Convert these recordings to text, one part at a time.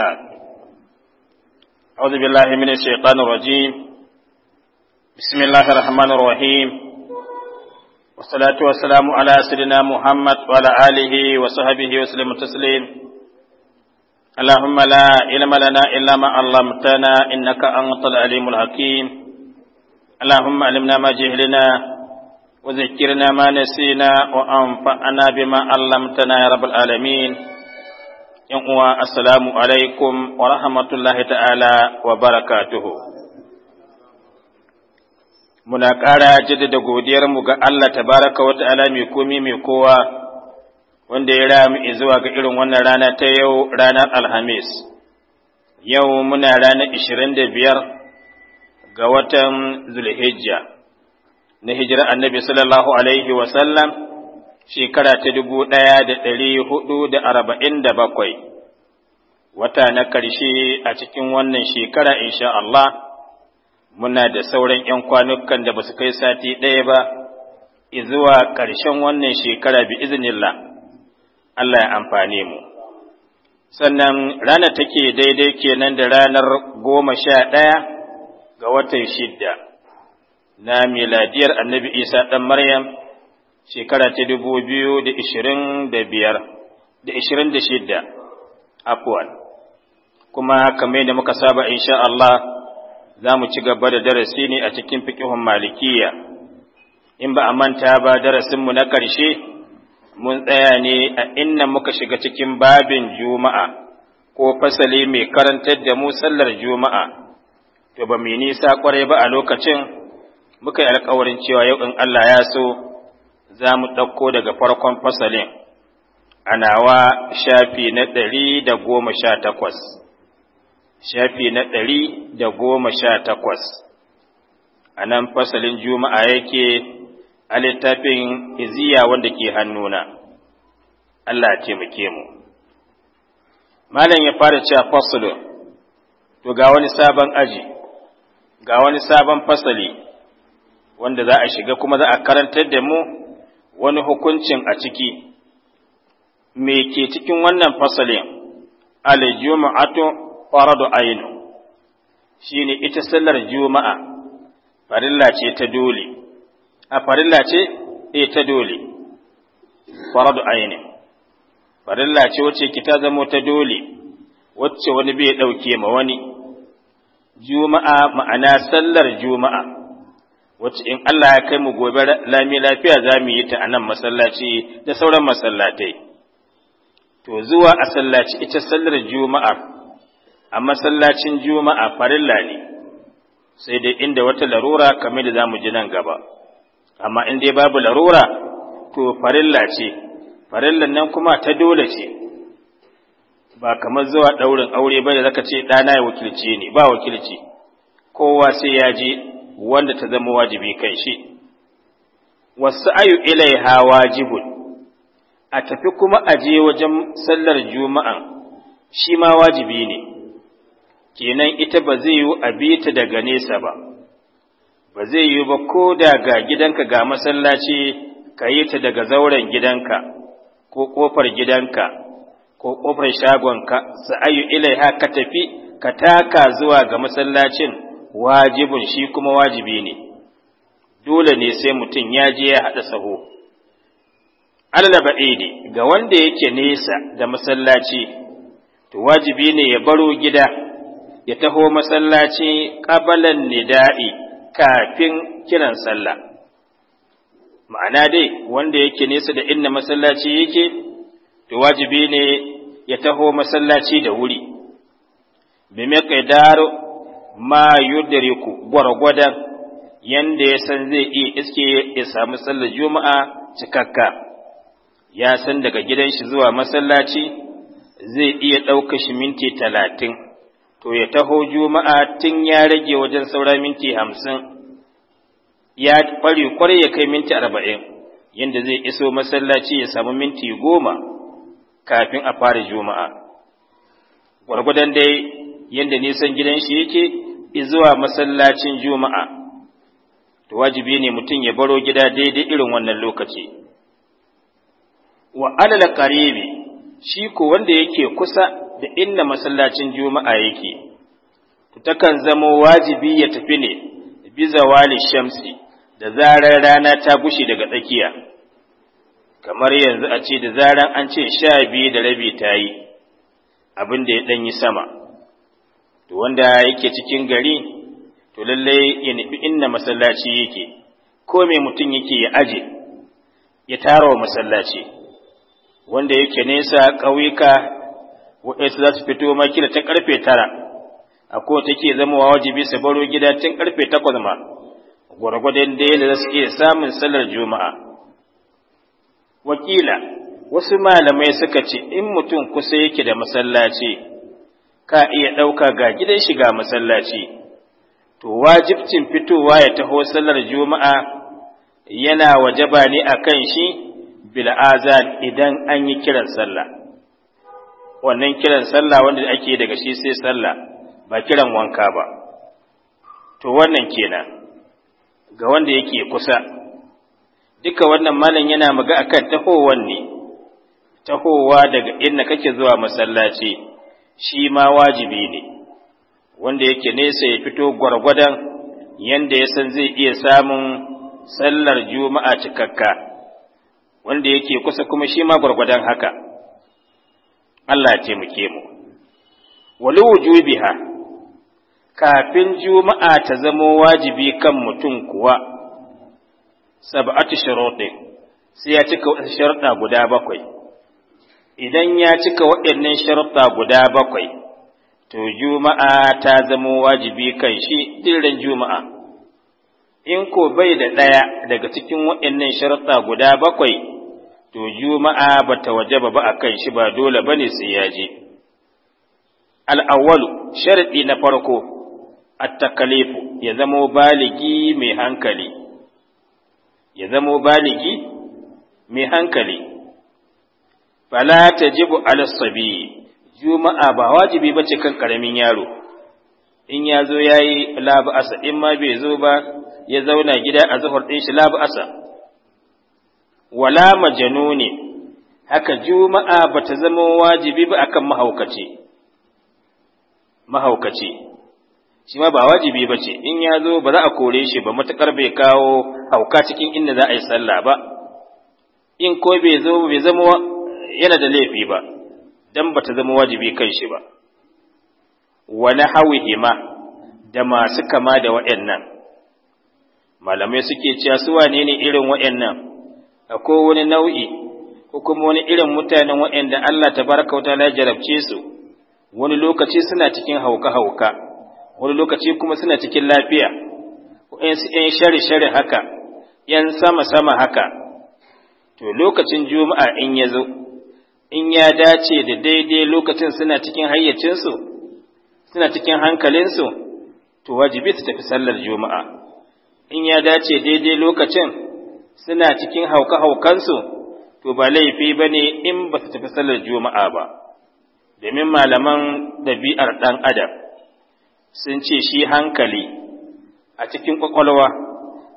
أعوذ بالله من الشيطان الرجيم بسم الله الرحمن الرحيم والصلاة والسلام على سيدنا محمد وعلى آله وصحبه وسلم تسليم اللهم لا علم لنا إلا ما علمتنا إنك أنت العليم الحكيم اللهم علمنا ما جهلنا وذكرنا ما نسينا وأنفعنا بما علمتنا يا رب العالمين yan uwa assalamu alaikum wa rahmatullahi ta'ala wa barakatuhu muna ƙara jaddada mu ga Allah tabaraka wa ta'ala mai komi mai kowa wanda ya rami zuwa ga irin wannan rana ta yau ranar alhamis yau muna rana ishirin da biyar ga watan zulhijja na hijira annabi sallallahu alaihi wa sallam shekara ta dubu ɗaya da ɗari hudu da arba'in da bakwai, wata na ƙarshe a cikin wannan shekara insha Allah, muna da sauran ‘yan kwanukan da ba su kai sati ɗaya ba, zuwa ƙarshen wannan shekara bi izinillah, Allah ya amfani mu. Sannan rana take daidai kenan da ranar goma sha ɗaya ga watan shidda na miladiyar annabi Isa ɗan Maryam. shekara ta dubu biyu da ishirin da biyar da ishirin da shidda afuwan kuma kamar da muka saba insha Allah za mu ci gaba da darasi ne a cikin fiƙihun malikiya in ba a manta ba darasinmu na ƙarshe mun tsaya ne a inna muka shiga cikin babin juma'a ko fasali mai karantar da mu sallar juma'a to ba mu nisa kwarai ba a lokacin muka yi alkawarin cewa yau in Allah ya so za mu ɗauko daga farkon fasalin a nawa shafi na ɗari da goma sha takwas shafi na ɗari da goma sha takwas a nan fasalin juma'a yake a littafin iziya wanda ke hannuna Allah ya taimake mu malam ya fara cewa fasalin to ga wani sabon aji ga wani sabon fasali wanda za a shiga kuma za a karantar da mu wani hukuncin a ciki, me ke cikin wannan fasalin, aljuma'atu faradu ainu, shi ne ita sallar juma'a, farilla ce ta dole, a farilla ce e ta dole, faradu ainu, farilla ce wacce ki ta zamo ta dole, wacce wani bai ɗauke ma wani, juma'a ma'ana sallar juma'a. wacce in Allah ya kai mu gobe lami lafiya za mu yi ta a nan masallaci da sauran masallatai. To zuwa a sallaci ita sallar juma'a, a masallacin juma'a farilla ne, sai dai inda wata larura kamar da za mu ji nan gaba. Amma in dai babu larura, to farilla ce, farillan nan kuma ta dole ce, ba kamar zuwa ɗaurin aure ba da zaka ce ɗana ya wakilce ni, ba wakilci, kowa sai ya je wanda ta zama wajibi kan shi wasu ayu ilaiha wajibun a tafi kuma aje wajen sallar juma'an shi ma wajibi ne kenan ita ba zai yi a ta daga nesa ba ba zai yi ba ko daga gidanka ga masallaci ka yi ta daga zauren gidanka ko ƙofar gidanka ko ƙofar shagonka sa'ayu ilaiha ka tafi ka taka zuwa ga masallacin Wajibin shi kuma wajibi ne dole ne sai mutum ya je ya haɗa saho alal ne ga wanda yake nesa da masallaci to wajibi ne ya baro gida ya taho masallaci ƙabalan nida'i kafin kiran sallah ma'ana dai wanda yake nesa da inna masallaci yake to wajibi ne ya taho masallaci da wuri bi miqdaru ma yudriku gwargwadon yanda ya san zai iya iske ya samu sallar juma'a cikakka ya san daga gidan shi zuwa masallaci zai iya ɗauka shi minti talatin to ya taho juma'a tun ya rage wajen saura minti hamsin ya fari kwarai ya kai minti arba'in yanda zai iso masallaci ya samu minti goma kafin a fara juma'a gwargwadon dai yadda nisan gidan shi yake zuwa masallacin juma'a to wajibi ne mutum ya baro gida daidai irin wannan lokaci wa alal qaribi shi ko wanda yake kusa da inna masallacin juma'a yake to takan zamo wajibi ya tafi ne biza zawali shamsi da zarar rana ta gushi daga tsakiya kamar yanzu a ce da zarar an ce sha biyu da rabi ta yi abin da ya ɗan sama to wanda yake cikin gari to lallai ya nufi inda masallaci yake ko mai mutum yake ya aje ya tara wa masallaci wanda yake nesa ƙauyuka waɗansu za su fito makila ta ƙarfe tara a ko take zamowa wajibi su baro gida tun ƙarfe takwas ma gwargwadon da yadda za su iya samun sallar juma'a wakila wasu malamai suka ce in mutum kusa yake da masallaci ka iya ɗauka ga gidan shi ga masallaci to wajibcin fitowa ya taho sallar juma'a yana wajaba ne a kan shi bil'azan idan an yi kiran sallah wannan kiran sallah wanda ake daga shi sai sallah ba kiran wanka ba to wannan kenan ga wanda yake kusa duka wannan malam yana maga akan tahowan ne tahowa daga inda kake zuwa masallaci shi ma wajibi ne wanda yake nesa ya fito gwargwadon yanda ya san zai iya samun sallar juma'a cikakka wanda yake kusa kuma shi ma gwargwadon haka Allah ya taimake mu wali wujubiha kafin juma'a ta zamo wajibi kan mutum kuwa sab'atu shurutin sai ya cika sharda guda bakwai idan ya cika waɗannan sharuɗa guda bakwai to juma'a ta zama wajibi kan shi dirin juma'a in ko bai da ɗaya daga cikin waɗannan sharuɗa guda bakwai to juma'a ba ta waje ba a kan shi ba dole ba ne sai ya je al'awwalu sharuɗi na farko at-takalifu ya zama baligi mai hankali ya zama baligi mai hankali fala tajibu ala sabi juma'a ba wajibi ba ce kan karamin yaro in ya zo yayi la asa in ma bai zo ba ya zauna gida a zuhur din shi la asa wala majanuni haka juma'a ba ta zama wajibi ba akan mahaukaci mahaukaci shi ma ba wajibi ba ce in ya zo ba za a kore shi ba matuƙar bai kawo hauka cikin inda za a yi sallah ba in ko bai zo bai zama yana da laifi ba dan bata zama wajibi kan shi ba wa hima da masu kama da waɗannan malamai suke cewa su wane ne irin waɗannan akwai wani nau'i ko kuma wani irin mutanen waɗanda Allah tabaraka wa ta'ala jarabce su wani lokaci suna cikin hauka-hauka wani lokaci kuma suna cikin lafiya waɗansu ‘yan shari-shari haka ‘yan sama-sama haka to lokacin juma'a in ya zo in ya dace da daidai lokacin suna cikin hayyacinsu suna cikin hankalinsu to wajibi su tafi sallar juma'a in ya dace daidai lokacin suna cikin hauka-haukansu to ba laifi ba ne in ba su tafi sallar juma'a ba domin malaman ɗabi'ar ɗan adam sun ce shi hankali a cikin ƙwaƙwalwa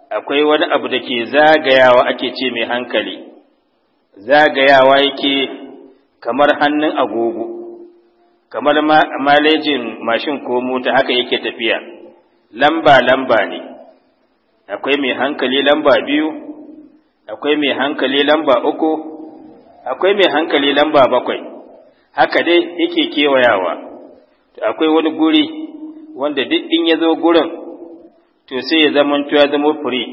akwai wani abu da ke zagayawa ake ce mai hankali zagayawa yake kamar hannun agogo kamar malejin mashin ko mota haka yake tafiya lamba lamba ne akwai mai hankali lamba biyu akwai mai hankali lamba uku akwai mai hankali lamba bakwai haka dai yake kewayawa akwai wani guri wanda duk in ya zo gurin to sai ya zama ya zama fure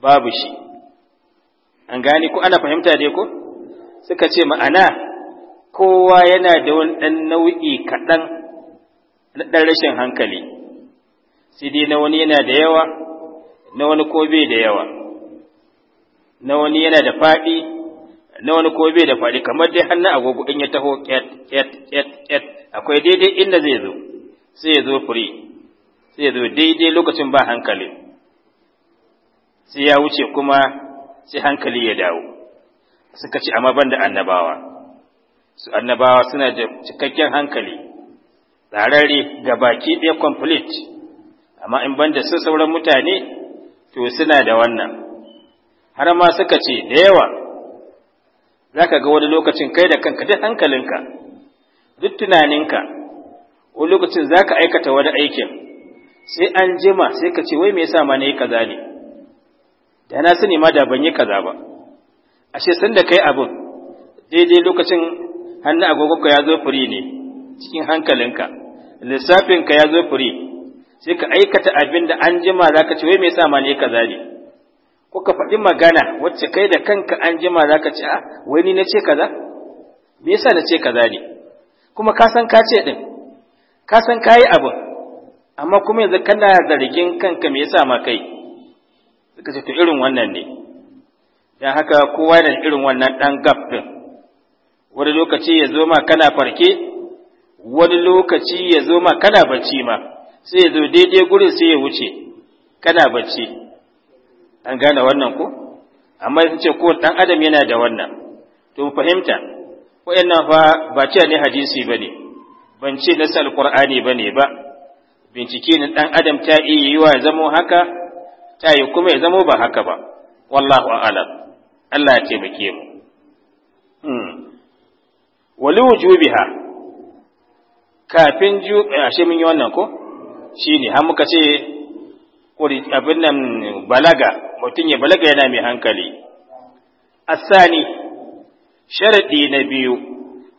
babu shi an gani ko ana fahimta dai ko suka ce ma'ana kowa yana da wani ɗan nau'i kaɗan na ɗan rashin hankali sai dai na wani yana da yawa na wani ko bai da yawa na wani yana da faɗi na wani ko bai da faɗi kamar dai hannun agogo in ya taho ƙet, ƙyat akwai daidai inda zai zo sai ya zo fure sai ya zo daidai lokacin ba hankali sai ya wuce kuma sai hankali ya dawo suka ci amma ban da annabawa Su annabawa suna da cikakken hankali tsararri ga baki ɗaya complete amma in banda su sauran mutane to suna da wannan har ma suka ce da yawa za ka ga wani lokacin kai da kanka duk hankalinka duk tunaninka wani lokacin za ka aikata wani aikin sai an jima sai ka ce wai me yasa ma na yi kaza ne da na sani ma da ban yi kaza ba ashe sun da kai abin daidai lokacin Hannu agogonka ya zo firi ne cikin hankalinka lissafinka ya zo firi sai ka aikata abin da an jima za ka ce wai me yasa ma ne kaza ne ko ka faɗi magana wacce kai da kanka an jima za ka ce a ah, wai ni na ce kaza me yasa na ce kaza ne kuma ka san ka ce din ka san ka yi abin amma kuma yanzu kana zargin kanka me yasa ma kai suka ce to irin wannan ne dan haka kowa da irin wannan dan gab din wani lokaci ya zo ma kana farke wani lokaci ya zo ma kana bacci ma sai ya zo daidai gurin sai ya wuce kana bacci an gane wannan ko amma in ce ko dan adam yana da wannan to fahimta wayannan fa ba ce ne hadisi bane ban ce na sa ba bane ba bincike ne ɗan adam ta iya yi wa zamo haka ta yi kuma ya zamo ba haka ba wallahu a'lam Allah ya taimake mu wali wujubiha kafin ju eh, ashe mun yi wannan ko shine har muka ce abin nan balaga mutum ya balaga yana mai hankali asani sharadi na biyu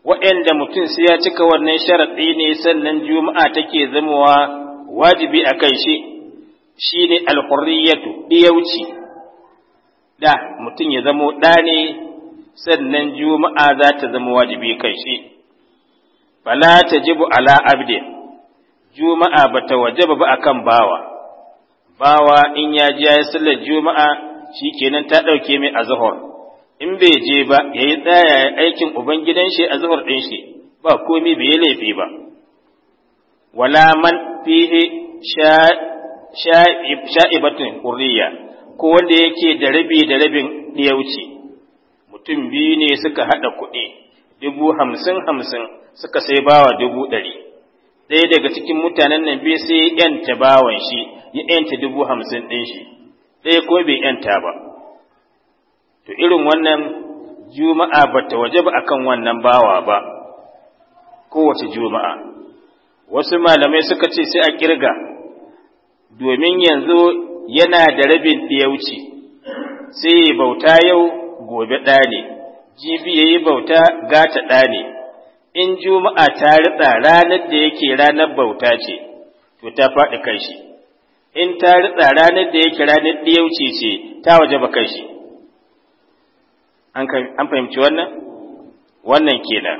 waɗanda mutum sai ya cika wannan sharadi ne sannan juma'a take zamowa wajibi a kai shi shine alhurriyatu diyauci da mutum ya zamo ɗa ne sannan juma'a za ta zama wajibi kai shi fala tajibu ala abdi, juma'a bata wajaba ba kan bawa bawa in ya ji ya sallar juma'a shi kenan ta dauke mai azhar in bai je ba yayi tsaya ya aikin ubangidan shi azhar din shi ba komai bai laifi ba wala man fihi sha'ibatun hurriya ko wanda yake da rabi da rabin ya mutum biyu ne suka haɗa kuɗi dubu hamsin hamsin suka sai bawa dubu ɗari ɗaya daga cikin mutanen nan bai sai yanta bawan shi ya yanta dubu hamsin ɗin shi ɗaya ko bai yanta ba to irin wannan juma'a bata waje ba akan wannan bawa ba kowace juma'a wasu malamai suka ce sai a kirga domin yanzu yana da rabin ɗiyauci sai bauta yau gobe ɗa ne, jibi ya yi bauta gata ɗa ne, in juma'a ta ritsa ranar da yake ranar bauta ce, to ta faɗi kai shi, in ta ritsa ranar da yake ranar ɗiyauce ce ta waje ba kai shi. An fahimci wannan? Wannan kenan.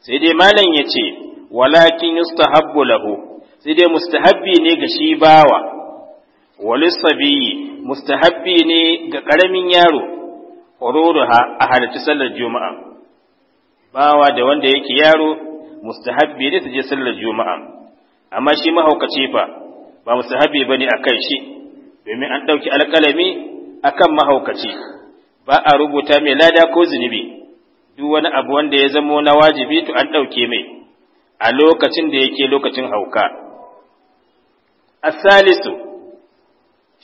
Sai dai malam ya ce, walakin yustahabbu lahu, sai dai mustahabbi ne ga shi bawa, musta mustahabbi ne ga ƙaramin yaro ururuha a halarci sallar juma'a bawa da wanda yake yaro mustahabbi ne su je sallar juma'a amma shi mahaukaci fa ba mustahabbi ba bane akan shi domin an ɗauki alƙalami akan mahaukaci ba a rubuta mai lada ko zunubi duk wani abu wanda ya zamo na wajibi to an ɗauke mai a lokacin da yake lokacin hauka asalisu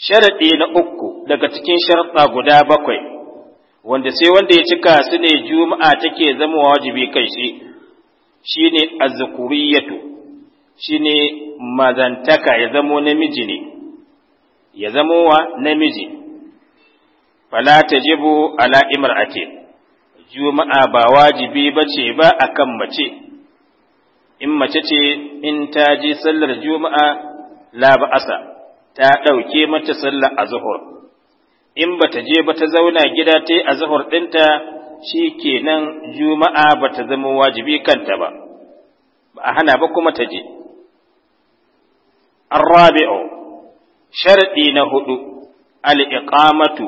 sharaɗi na uku daga cikin sharaɗa guda bakwai wanda sai wanda ya cika su ne juma'a take zama wajibi kai shi shine azkuriyatu shine mazantaka ya zamo namiji ne ya zamo wa namiji fala tajibu ala imra'ati juma'a ba wajibi bace ba akan mace in mace ce in ta je sallar juma'a la asa, ta ɗauke mata sallar azhur in ba ta je ba ta zauna gida ta yi azahar ɗinta shi kenan juma'a ba ta zama wajibi kanta ba ba a hana ba kuma ta je arrabi'u sharɗi na hudu al'iƙamatu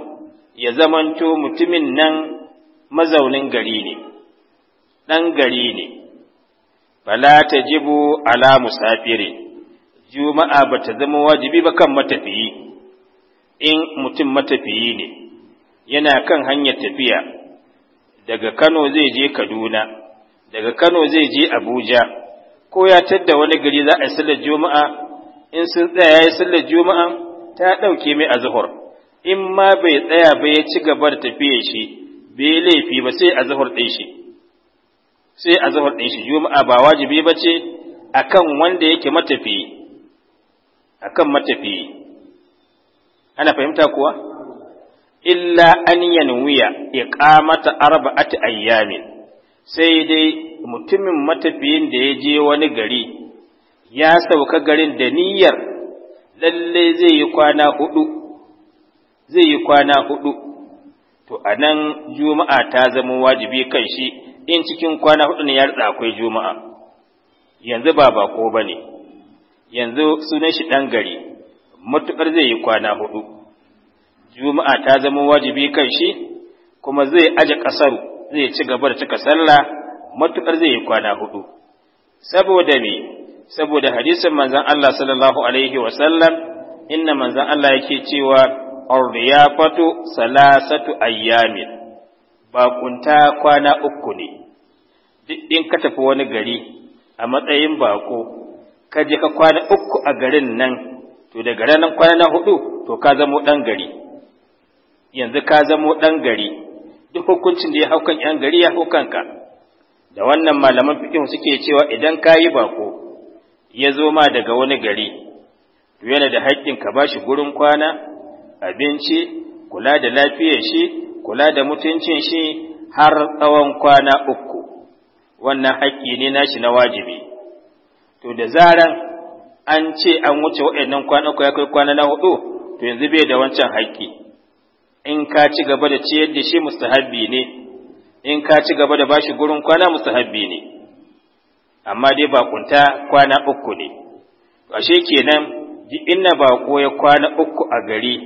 ya zamanto mutumin nan mazaunin gari ne ɗan gari ne Bala ta jibu ala musafiri juma'a ba ta zama wajibi ba kan matafiyi in mutum matafiyi ne yana kan hanyar tafiya daga Kano zai je Kaduna daga Kano zai je Abuja ko ya tadda wani gari za a yi sallar juma'a in sun tsaya ya yi sallar juma'a ta ɗauke mai azhar in ma bai tsaya ba ya ci gaba da tafiya shi bai laifi ba sai azhar ɗin shi sai azhar ɗin shi juma'a ba wajibi ba ce akan wanda yake matafi akan matafi ana fahimta kuwa illa an yanwiya iqamata arba'ati ayyamin sai dai mutumin matafiyin da ya je wani gari ya sauka garin da niyyar lalle zai yi kwana hudu zai yi kwana hudu to anan juma'a ta zama wajibi kan shi in cikin kwana hudu ne ya rada akwai juma'a yanzu ba bako bane yanzu sunan shi dan gari matuƙar zai yi kwana hudu juma'a ta zama wajibi kan shi kuma zai aje ƙasar zai ci gaba da cika sallah matuƙar zai yi kwana hudu saboda me saboda hadisin manzon Allah sallallahu alaihi wa sallam inna manzon Allah yake cewa ya fato salasatu ayyamin bakunta kwana uku ne duk in ka tafi wani gari a matsayin bako ka je ka kwana uku a garin nan to daga ranar kwana hudu to ka zamo ɗan gari yanzu ka zamo ɗan gari duk hukuncin da ya haukan ‘yan gari ya ka da wannan malaman fikin suke cewa idan ka yi bako ya zo ma daga wani gari to yana da haƙƙin ka ba shi gurin kwana abinci kula da lafiyar shi kula da mutuncin shi har tsawon kwana uku wannan haƙƙi ne nashi na wajibi to da zaran an ce an wuce waɗannan kwanako ya kai kwana na hudu to yanzu bai da wancan haƙƙi in ka ci gaba da ce da shi mustahabbi ne in ka ci gaba da bashi gurin kwana mustahabbi ne amma dai bakunta kwana uku ne To ashe kenan inna bako ya kwana uku a gari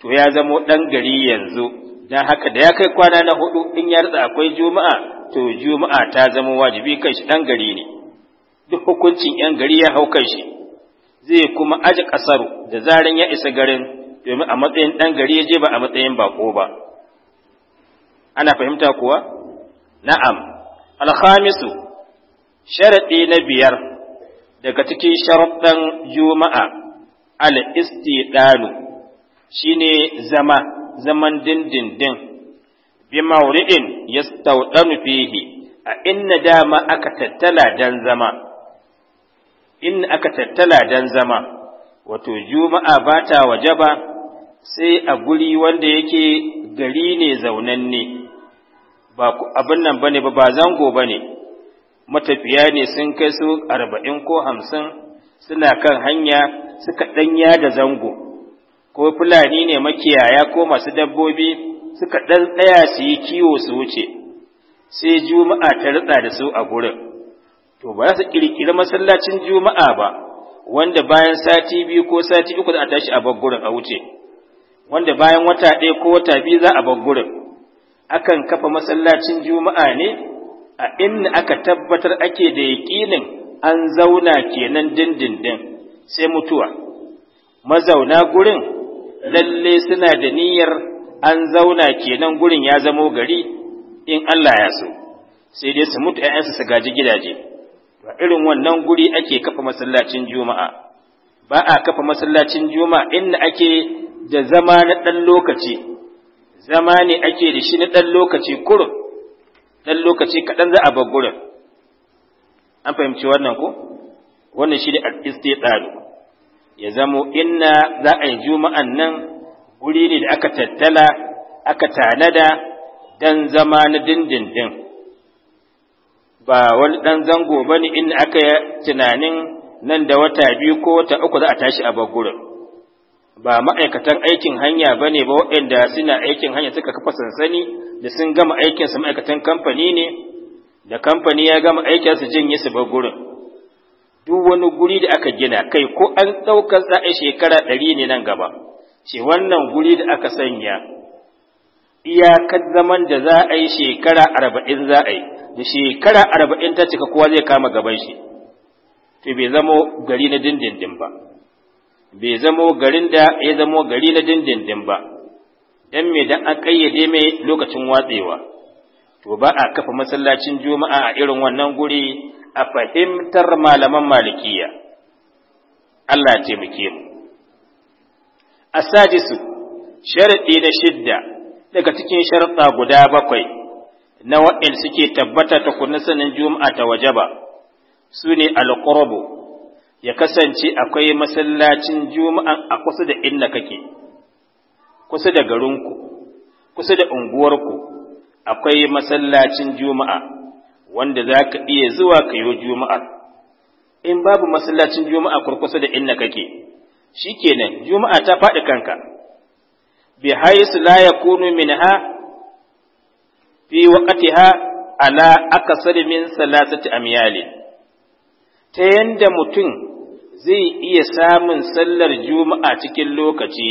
to ya zamo ɗan gari yanzu dan haka da ya kai kwana na hudu in ya rasa akwai juma'a to juma'a ta zama wajibi kan shi ɗan gari ne duk hukuncin ‘yan gari ya hau kan shi zai kuma aji ƙasar da zaran ya isa garin domin a matsayin ɗan gari ya je ba a matsayin baƙo ba ana fahimta kuwa na'am alhamisu sharaɗi na biyar daga cikin sharaɗin juma'a al-istidalu shine zama zaman dindindin bi mawri'in yastawdanu fihi a inna dama aka tattala dan zama in aka tattala dan zama wato juma'a ba ta wajaba sai a guri wanda yake gari ne zaunanne ba abin nan bane ba ba zango bane matafiya ne sun kai su arba'in ko hamsin suna kan hanya suka ɗanya da zango ko fulani ne makiyaya ko masu dabbobi suka ɗan tsaya su yi kiwo su wuce sai juma'a ta ritsa da su a gurin to ba za su ƙirƙiri masallacin juma'a ba wanda bayan sati biyu ko sati uku za a tashi a baggurin a wuce wanda bayan wata ɗaya ko wata biyu za a baggurin akan kafa masallacin juma'a ne a inda aka tabbatar ake da yaƙinin an zauna kenan dindindin sai mutuwa mazauna gurin lalle suna da niyyar an zauna kenan gurin ya zamo gari in Allah ya so sai dai su mutu ‘ya'yansu su gaji gidaje irin wannan guri ake kafa masallacin juma'a ba a kafa masallacin juma'a inda ake da zama na ɗan lokaci zama ne ake da shi na ɗan lokaci kurun ɗan lokaci kaɗan za a bar gurin an fahimci wannan ko wannan shi ne al-istitaru ya zamo inna za a yi juma'an nan guri ne da aka tattala aka tanada dan zama na dindindin ba wani ɗan zango ba ne in aka yi tunanin nan da wata biyu ko wata uku za a tashi a bagurin ba ma'aikatan aikin hanya ba ne ba waɗanda suna aikin hanya suka kafa sansani da sun gama aikinsu ma'aikatan kamfani ne da kamfani ya gama aikin su janye su bagurin duk wani guri da aka gina kai ko an ɗaukar za a shekara ɗari ne nan gaba ce wannan guri da aka sanya iyakar zaman da za a yi shekara arba'in za a yi da shekara arba'in ta cika kowa zai kama gaban shi to bai zamo gari na dindindin ba bai zamo garin da ya zamo gari na dindindin ba dan me dan an kayyade mai lokacin watsewa to ba a kafa masallacin juma'a a irin wannan guri a fahimtar malaman malikiya Allah ya taimake mu asadisu sharadi na shidda daga cikin sharta guda bakwai na waɗanda suke tabbata ta kunna sanin juma'a ta wajaba su ne alƙorobo ya kasance akwai masallacin juma'an a kusa da inda kake kusa da garinku kusa da unguwarku akwai masallacin juma'a wanda za ka iya zuwa ka yi juma'a in babu masallacin juma'a kurkusa da inda kake shikenan juma'a ta faɗi kanka bi haisu la yakunu minha fi waqtiha ala akasar min salasati amyali ta yanda mutum zai iya samun sallar juma'a cikin lokaci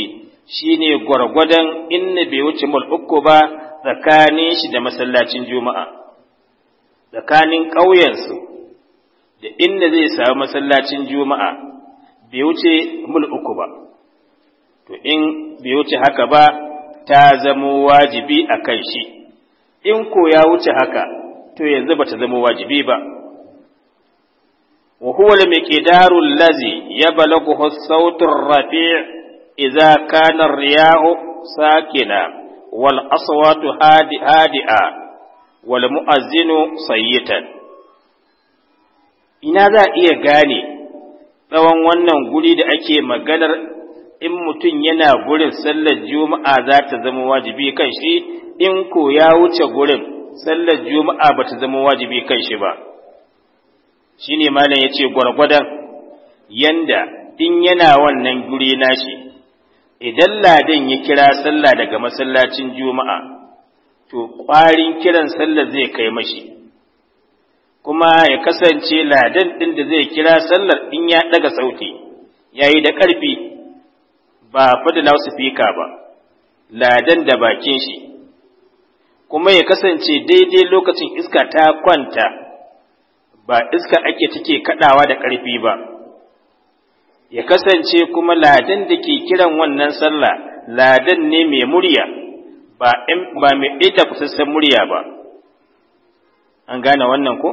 shine gwargwadon inna bai wuce mul uku ba tsakanin shi da masallacin juma'a tsakanin ƙauyensu da inda zai samu masallacin juma'a bai wuce mul uku ba to in bai wuce haka ba ta zamo wajibi a kan shi in ko ya wuce haka to yanzu bata zama wajibi ba wa huwa lam miqdaru allazi yablughu as-sawtu ar-rafi' idza kana riyau sakina wal aswatu hadi'a wal mu'azzinu sayyitan ina za iya gane tsawon wannan guri da ake maganar in mutum yana gurin sallar juma'a za ta zama wajibi kan shi in ko ya wuce gurin sallar juma'a ba ta zama wajibi kan shi ba shi ne malam ya ce gwargwadon yanda in yana wannan guri shi, idan Ladin ya kira sallah daga masallacin juma'a to ƙwarin kiran sallar zai kai mashi kuma ya kasance Ladin ɗin da zai kira sallar in ya ɗaga sauti yayi da ƙarfi ba fadila fika ba ladan da bakin shi kuma ya kasance daidai lokacin iska ta kwanta ba iska ake take kadawa da ƙarfi ba ya kasance kuma ladan da ke kiran wannan sallah ladan ne mai murya ba mai ita kusassan murya ba an gane wannan ko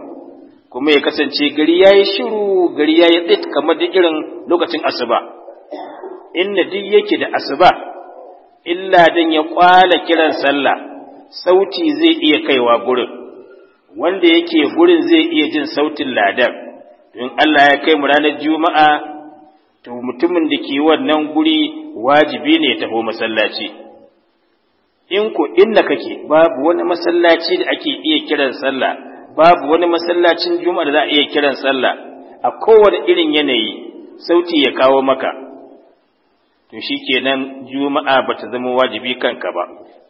kuma ya kasance gari ya yi shiru gari ya yi tsit kamar da irin lokacin asuba Inna duk yake da asuba illa dan ya kwala kiran sallah sauti zai iya kaiwa gurin wanda yake gurin zai iya jin sautin ladan don Allah ya kai mu ranar juma'a to mutumin da ke wannan guri wajibi ne ya taho masallaci in ku inna kake babu wani masallaci da ake iya kiran sallah babu wani masallacin juma'a da za a iya kiran sallah a kowane irin yanayi sauti ya kawo maka to shi kenan juma'a bata zama wajibi kanka ba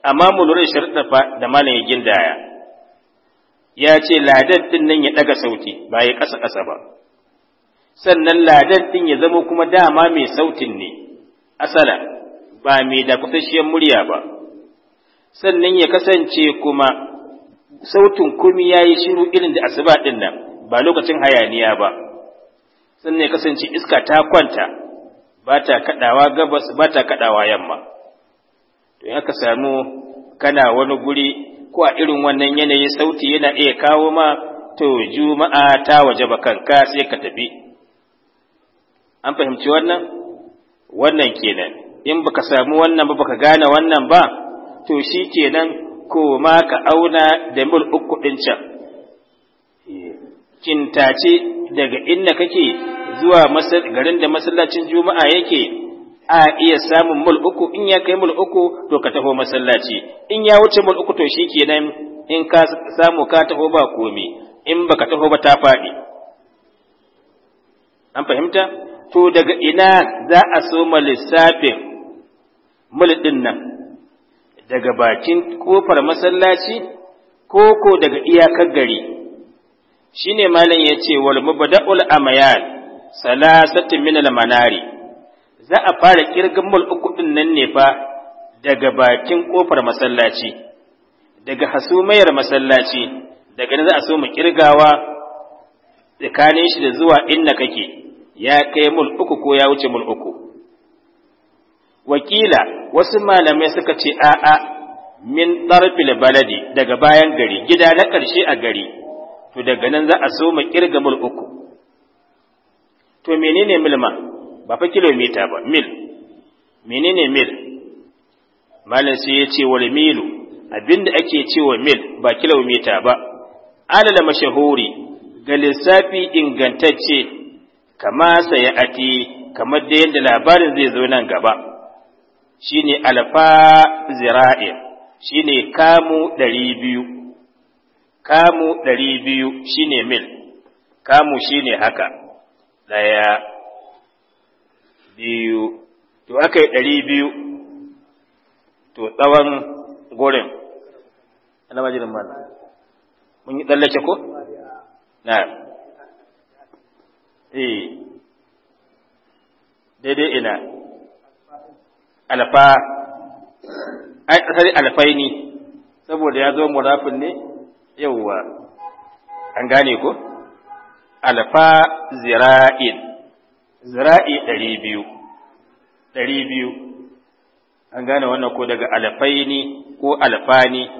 amma mu lura da fa da malam ya gindaya ya ce ladan din nan ya daga sauti ba ya kasa kasa ba sannan ladan din ya zama kuma dama mai sautin ne asala ba mai dakusasshiyar murya ba sannan ya kasance kuma sautin kumi ya yi shiru irin da asuba ɗin nan ba lokacin hayaniya ba sannan ya kasance iska ta kwanta ba ta kaɗawa gabas ba ta kaɗawa yamma to in aka samu kana wani guri ko a irin wannan yanayin sauti yana iya kawo ma to juma'a ta waje ba kanka sai ka tafi an fahimci wannan wannan kenan in baka samu wannan ba baka gane wannan ba to shi kenan ko ma ka auna da mil uku ɗin can kintace daga inda kake zuwa garin da masallacin juma'a yake a iya samun mul uku in ya kai mul uku to ka taho masallaci in ya wuce mul uku to shikenan in ka samu ka taho ba komi in baka taho ba ta faɗi an fahimta to daga ina za a soma lissafin mul din nan daga bakin kofar masallaci ko ko daga iyakar gari shine malam yace wal mubda'ul amyal salasatin min manari za a fara kirgin mul uku din nan ne fa daga bakin kofar masallaci daga hasumayar masallaci daga nan za a so mu kirgawa tsakanin shi da zuwa inna kake ya kai mul uku ko ya wuce mul uku wakila wasu malamai suka ce a'a min tarfil baladi daga bayan gari gida na ƙarshe a gari to daga nan za a so mu kirga mul uku to menene mil ma ba fa kilomita ba mil menene mil malam sai ya ce wal milu abinda ake cewa mil ba kilomita ba alal mashahuri ga lissafi ingantacce kama saya ati kamar da yadda labarin zai zo nan gaba shine alfa zira'in shine kamu ɗari biyu kamu ɗari biyu shine mil kamu shine haka ɗaya biyu to aka yi ɗari biyu to tsawon gurin ana majalin mana mun yi tsallace ko? na eh daidai ina alfa ai tsari alfai ne saboda ya zo murafin ne yauwa an gane ko? alfa zira'in zira'i ɗari biyu ɗari biyu an gane wannan ko daga alfaini ko alfani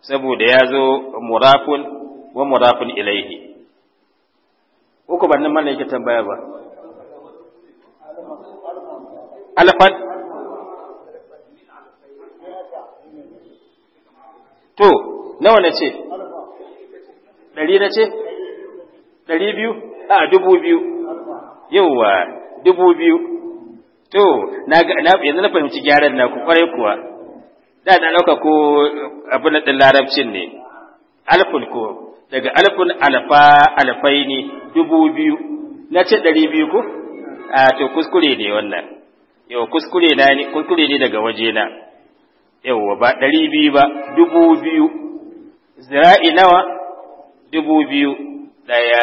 saboda ya zo murafun wa murafun ilaihi uku ban nan mana yake tambaya ba alfan to nawa na ce ɗari na ce ɗari biyu a dubu biyu yauwa dubu biyu to yanzu na fahimci gyaran na ku kwarai kuwa da na ɗauka ko abin da larabcin ne alfun ko daga alfun alfa alfai ne dubu biyu na ce ɗari biyu ku a to kuskure ne wannan yau kuskure na ne kuskure ne daga waje na yauwa ba ɗari biyu ba dubu biyu zira'i nawa dubu biyu ɗaya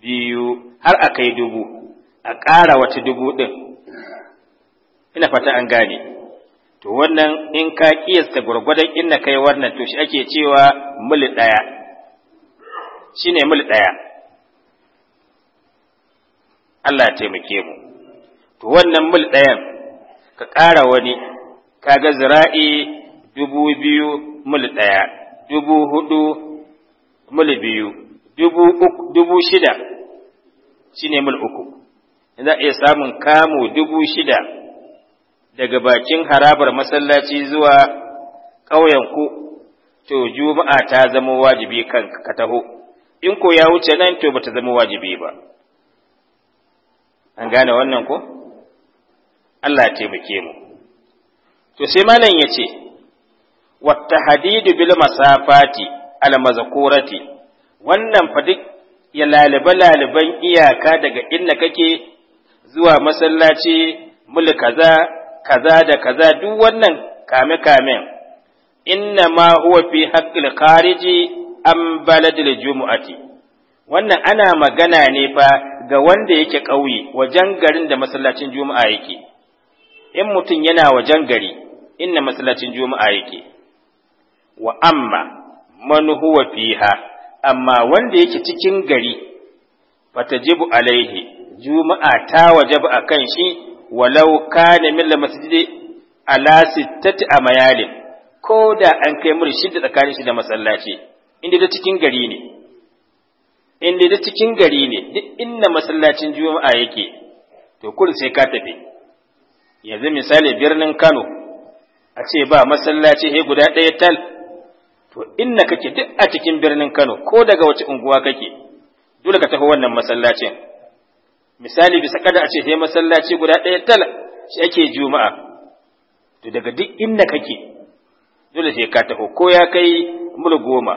biyu har a kai dubu a ƙara wata dubu ɗin ina fata an gane to wannan in ka kiyasta gwargwadon in na kai wannan to shi ake cewa mili ɗaya shi ne mili ɗaya Allah ya taimake mu to wannan mil ɗayan ka ƙara wani kaga zira'i dubu biyu mil ɗaya dubu hudu mil biyu dubu shida shi ne mil uku za a iya samun kamu dubu shida daga bakin harabar masallaci zuwa ƙauyenku to juma'a ta zama wajibi kan ka taho in ko ya wuce nan to bata zama wajibi ba an gane wannan ko Allah ya taimake mu to sai malam ya ce wata Hadidu bil masafati al mazakurati wannan fa duk ya laliba laliban iyaka daga inda kake zuwa masallaci mul kaza kaza da kaza duk wannan kame kamen inna ma huwa fi haqqil khariji am baladil jumu'ati wannan ana magana ne fa ga wanda yake ƙauye wajen garin da masallacin juma'a yake in mutum yana wajen gari inna masallacin juma'a yake wa amma man huwa fiha amma wanda yake cikin gari fata jibu alaihi juma'a ta wajaba a kan shi walau kana min masjidi ala sittati amayalin ko da an kai mur shidda tsakanin shi da masallaci inda da cikin gari ne inda da cikin gari ne duk inda masallacin juma'a yake to kul sai ka tafi yanzu misali birnin Kano a ce ba masallaci he guda ɗaya tal to inna kake duk a cikin birnin Kano ko daga wace unguwa kake dole ka taho wannan masallacin misali bisa kada a ce sai masallaci guda ɗaya tal shi ake juma'a to daga duk inna kake dole sai ka taho ko ya kai mil goma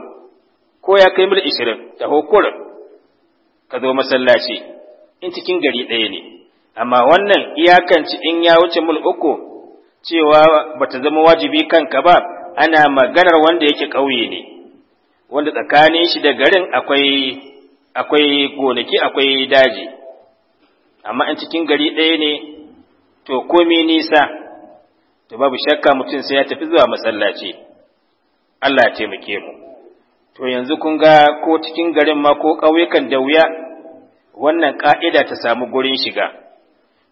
ko ya kai mil ishirin taho kur ka zo masallaci in cikin gari ɗaya ne amma wannan iyakanci in ya wuce mil uku cewa bata zama wajibi kanka ba ana maganar wanda yake ƙauye ne wanda tsakanin shi da garin akwai gonaki akwai daji amma in cikin gari ɗaya ne to komi nisa to babu shakka mutum sai ya tafi zuwa masallaci Allah ya taimake mu to yanzu kun ga ko cikin garin ma ko ƙauyukan da wuya wannan ƙa'ida ta samu gurin shiga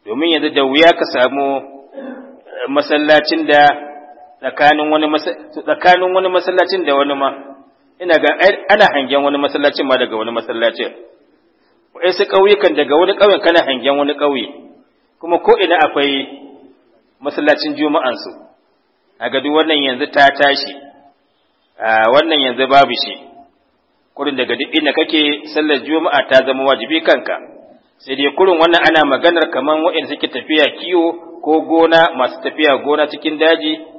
domin yanzu da wuya ka samu eh, masallacin da tsakanin wani tsakanin wani masallacin da wani ma ina ga ana hangen wani masallacin ma daga wani masallacin waɗansu ƙauyukan daga wani ƙauyen kana hangen wani ƙauye kuma ko ina akwai masallacin juma'ansu a gadu wannan yanzu ta tashi wannan yanzu babu shi kurin daga duk inda kake sallar juma'a ta zama wajibi kanka sai dai kurin wannan ana maganar kaman waɗanda suke tafiya kiwo ko gona masu tafiya gona cikin daji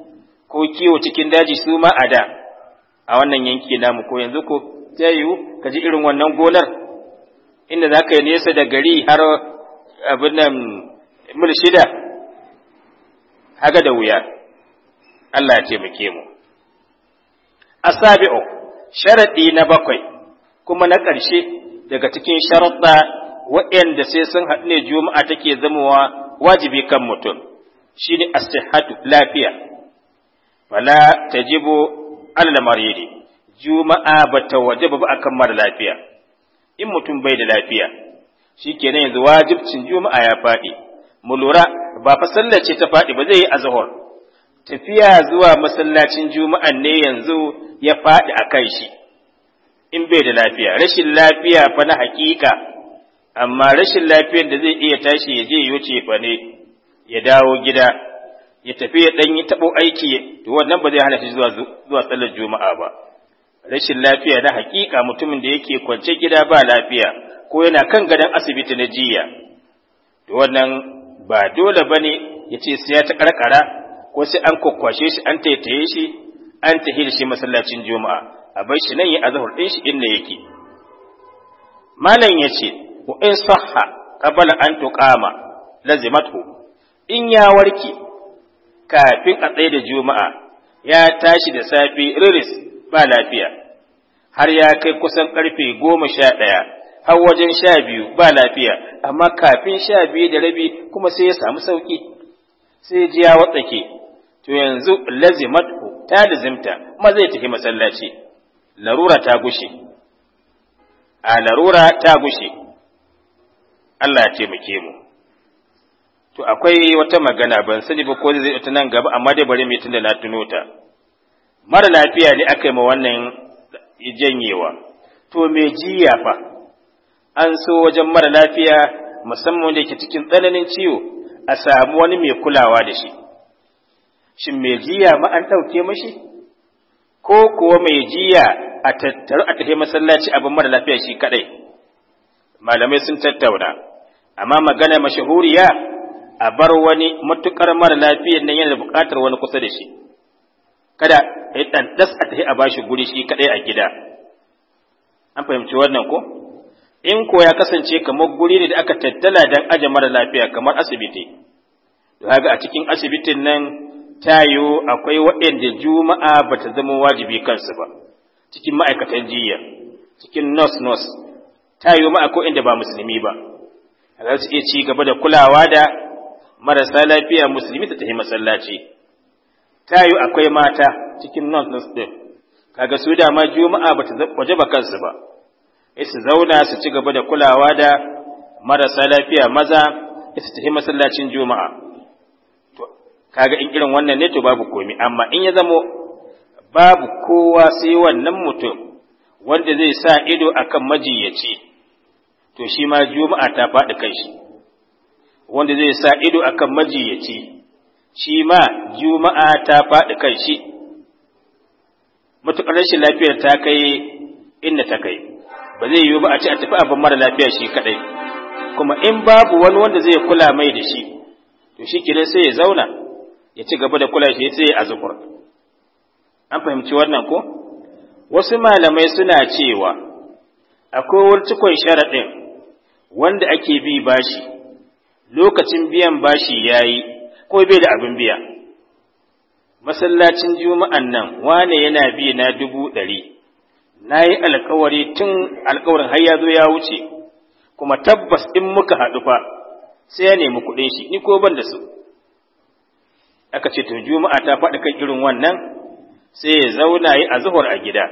ko kiwo cikin daji su ma a da a wannan yanki namu ko yanzu ko ta yiwu ka ji irin wannan gonar inda za ka yi nesa da gari har abin nan mil shida haga da wuya Allah ya taimake mu asabi'u sharadi na bakwai kuma na ƙarshe daga cikin sharuɗa waɗanda sai sun haɗu ne juma'a take zamowa wajibi kan mutum shine astihatu lafiya fala tajibu alal maridi juma'a bata waje ba akan mara lafiya in mutum bai da lafiya shikenan yanzu wajibcin juma'a ya faɗi mu lura ba fa sallar ce ta faɗi ba zai yi azhar tafiya zuwa masallacin juma'a ne yanzu ya faɗi a kan shi in bai da lafiya rashin lafiya fa na hakika amma rashin lafiyar da zai iya tashi ya je ya fa ne ya dawo gida ya tafi ya ɗan yi taɓo aiki to wannan ba zai hana shi zuwa zuwa sallar juma'a ba rashin lafiya na haƙiƙa mutumin da yake kwance gida ba lafiya ko yana kan gadon asibiti na jiya to wannan ba dole ba ne ya ce sai ya ta ƙarƙara ko sai an kwakwashe shi an taitaye shi an tahi da shi masallacin juma'a a bai shi nan ya azahar ɗin shi inda yake malam ya ce wa in sahha qabala an tuqama lazimatu in ya warke kafin a tsaye da juma'a ya tashi da safi riris ba lafiya har ya kai kusan karfe goma sha ɗaya har wajen sha biyu ba lafiya amma kafin sha biyu da rabi kuma sai ya samu sauki sai ji ya watsake to yanzu lazimatu ta lazimta ma zai tafi masallaci larura ta gushe a larura ta gushe Allah ya taimake mu to akwai wata magana ban sani ba ko zai ta nan gaba amma dai bari mu tunda na tuno ta mara lafiya ne aka yi ma wannan janyewa to me jiya fa an so wajen mara lafiya musamman da ke cikin tsananin ciwo a samu wani mai kulawa da shi shin mai jiya ma an ɗauke mashi ko kuwa mai jiya a tattaru a tafi masallaci abin mara lafiya shi kaɗai malamai sun tattauna amma magana mashahuriya a bar wani matukar mara lafiyar nan yana da buƙatar wani kusa da shi kada ya dan das a tafi a bashi guri shi kaɗai a gida an fahimci wannan ko in ko ya kasance kamar guri ne da aka tattala dan aje mara lafiya kamar asibiti to haka a cikin asibitin nan tayo akwai waɗanda juma'a bata zama wajibi kansu ba cikin ma'aikatan jiya cikin nos-nos, nos tayo ma akwai inda ba musulmi ba za su iya ci gaba da kulawa da marasa lafiya musulmi ta tafi masallaci ta yi akwai mata cikin north ɗin kaga su ma juma'a ba ta waje ba kansu ba su zauna su ci gaba da kulawa da marasa lafiya maza su tafi masallacin juma'a kaga in irin wannan ne to babu komi amma in ya zamo babu kowa sai wannan mutum wanda zai sa ido akan majiyyaci to shi ma juma'a ta faɗi kai shi wanda zai sa ido akan majiyaci shi ma juma'a ta faɗi kan shi matuƙar rashin lafiyar ta kai inda ta kai ba zai yiwu ba a ci a tafi abin mara lafiya shi kaɗai kuma in babu wani wanda zai kula mai da shi to shi kenan sai ya zauna ya ci gaba da kula shi sai a azumur an fahimci wannan ko wasu malamai suna cewa akwai wani cikon sharaɗin wanda ake bi bashi lokacin biyan bashi ya yi ko bai da abin biya masallacin juma'an nan wane yana biya na dubu ɗari na yi alkawari tun alkawarin har ya zo ya wuce kuma tabbas in muka haɗu fa sai ya nemi kuɗin shi ni ko ban da su aka ce tun juma'a ta faɗi kan irin wannan sai ya zauna yi a zuhur a gida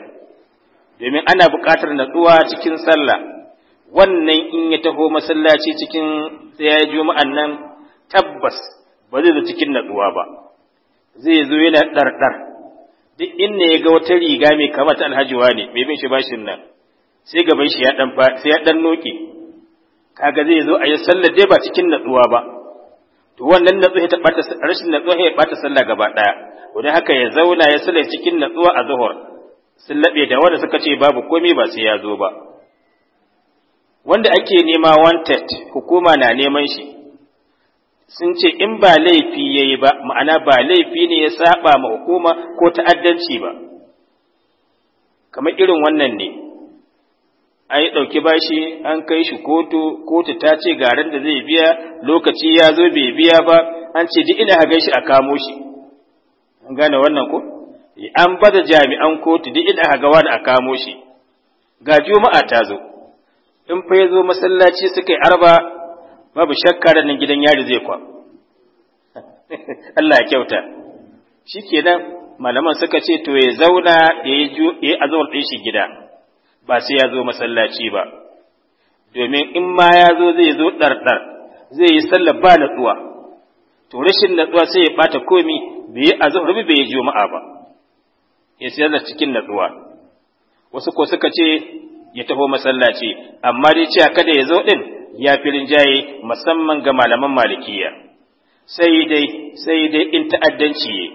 domin ana buƙatar natsuwa cikin sallah wannan in ya taho masallaci cikin tsaya juma'an nan tabbas ba zai zo cikin natsuwa ba zai zo yana ɗarɗar duk inda ya ga wata riga mai kama ta alhaji ne mai bin shi bashin nan sai gaban shi ya ɗan sai ya ɗan noke kaga zai zo a yi sallar dai ba cikin natsuwa ba to wannan natsuwa ta bata rashin natsuwa ya bata sallah gaba ɗaya wani haka ya zauna ya sallar cikin natsuwa a zuhur sun laɓe da wanda suka ce babu komai ba sai ya zo ba wanda ake nema wanted hukuma na neman shi sun ce in ba laifi ya yi ba ma'ana ba laifi ne ya saba ma hukuma ko ta'addanci ba kamar irin wannan ne an yi ɗauki bashi an kai shi kotu kotu ta ce garin da zai biya lokaci ya zo bai biya ba an ce duk ina hagan shi a kamo shi an gane wannan ko an bada jami'an kotu duk ina haga wani a kamo shi ga juma'a ta zo in fa ya zo masallaci suka yi arba babu shakka da nan gidan yari zai kwa Allah ya kyauta shikenan malaman suka ce to ya zauna ya yi azawar ɗin shi gida ba sai ya zo masallaci ba domin in ma ya zo zai zo ɗarɗar zai yi sallar ba natsuwa to rashin natsuwa sai ya ɓata komi bai yi azawar bai yi juma'a ba ya sayar da cikin natsuwa wasu ko suka ce ya taho masallaci amma dai cewa kada ya zo din ya firin rinjaye musamman ga malaman malikiya sai dai sai dai in ta'addanci ye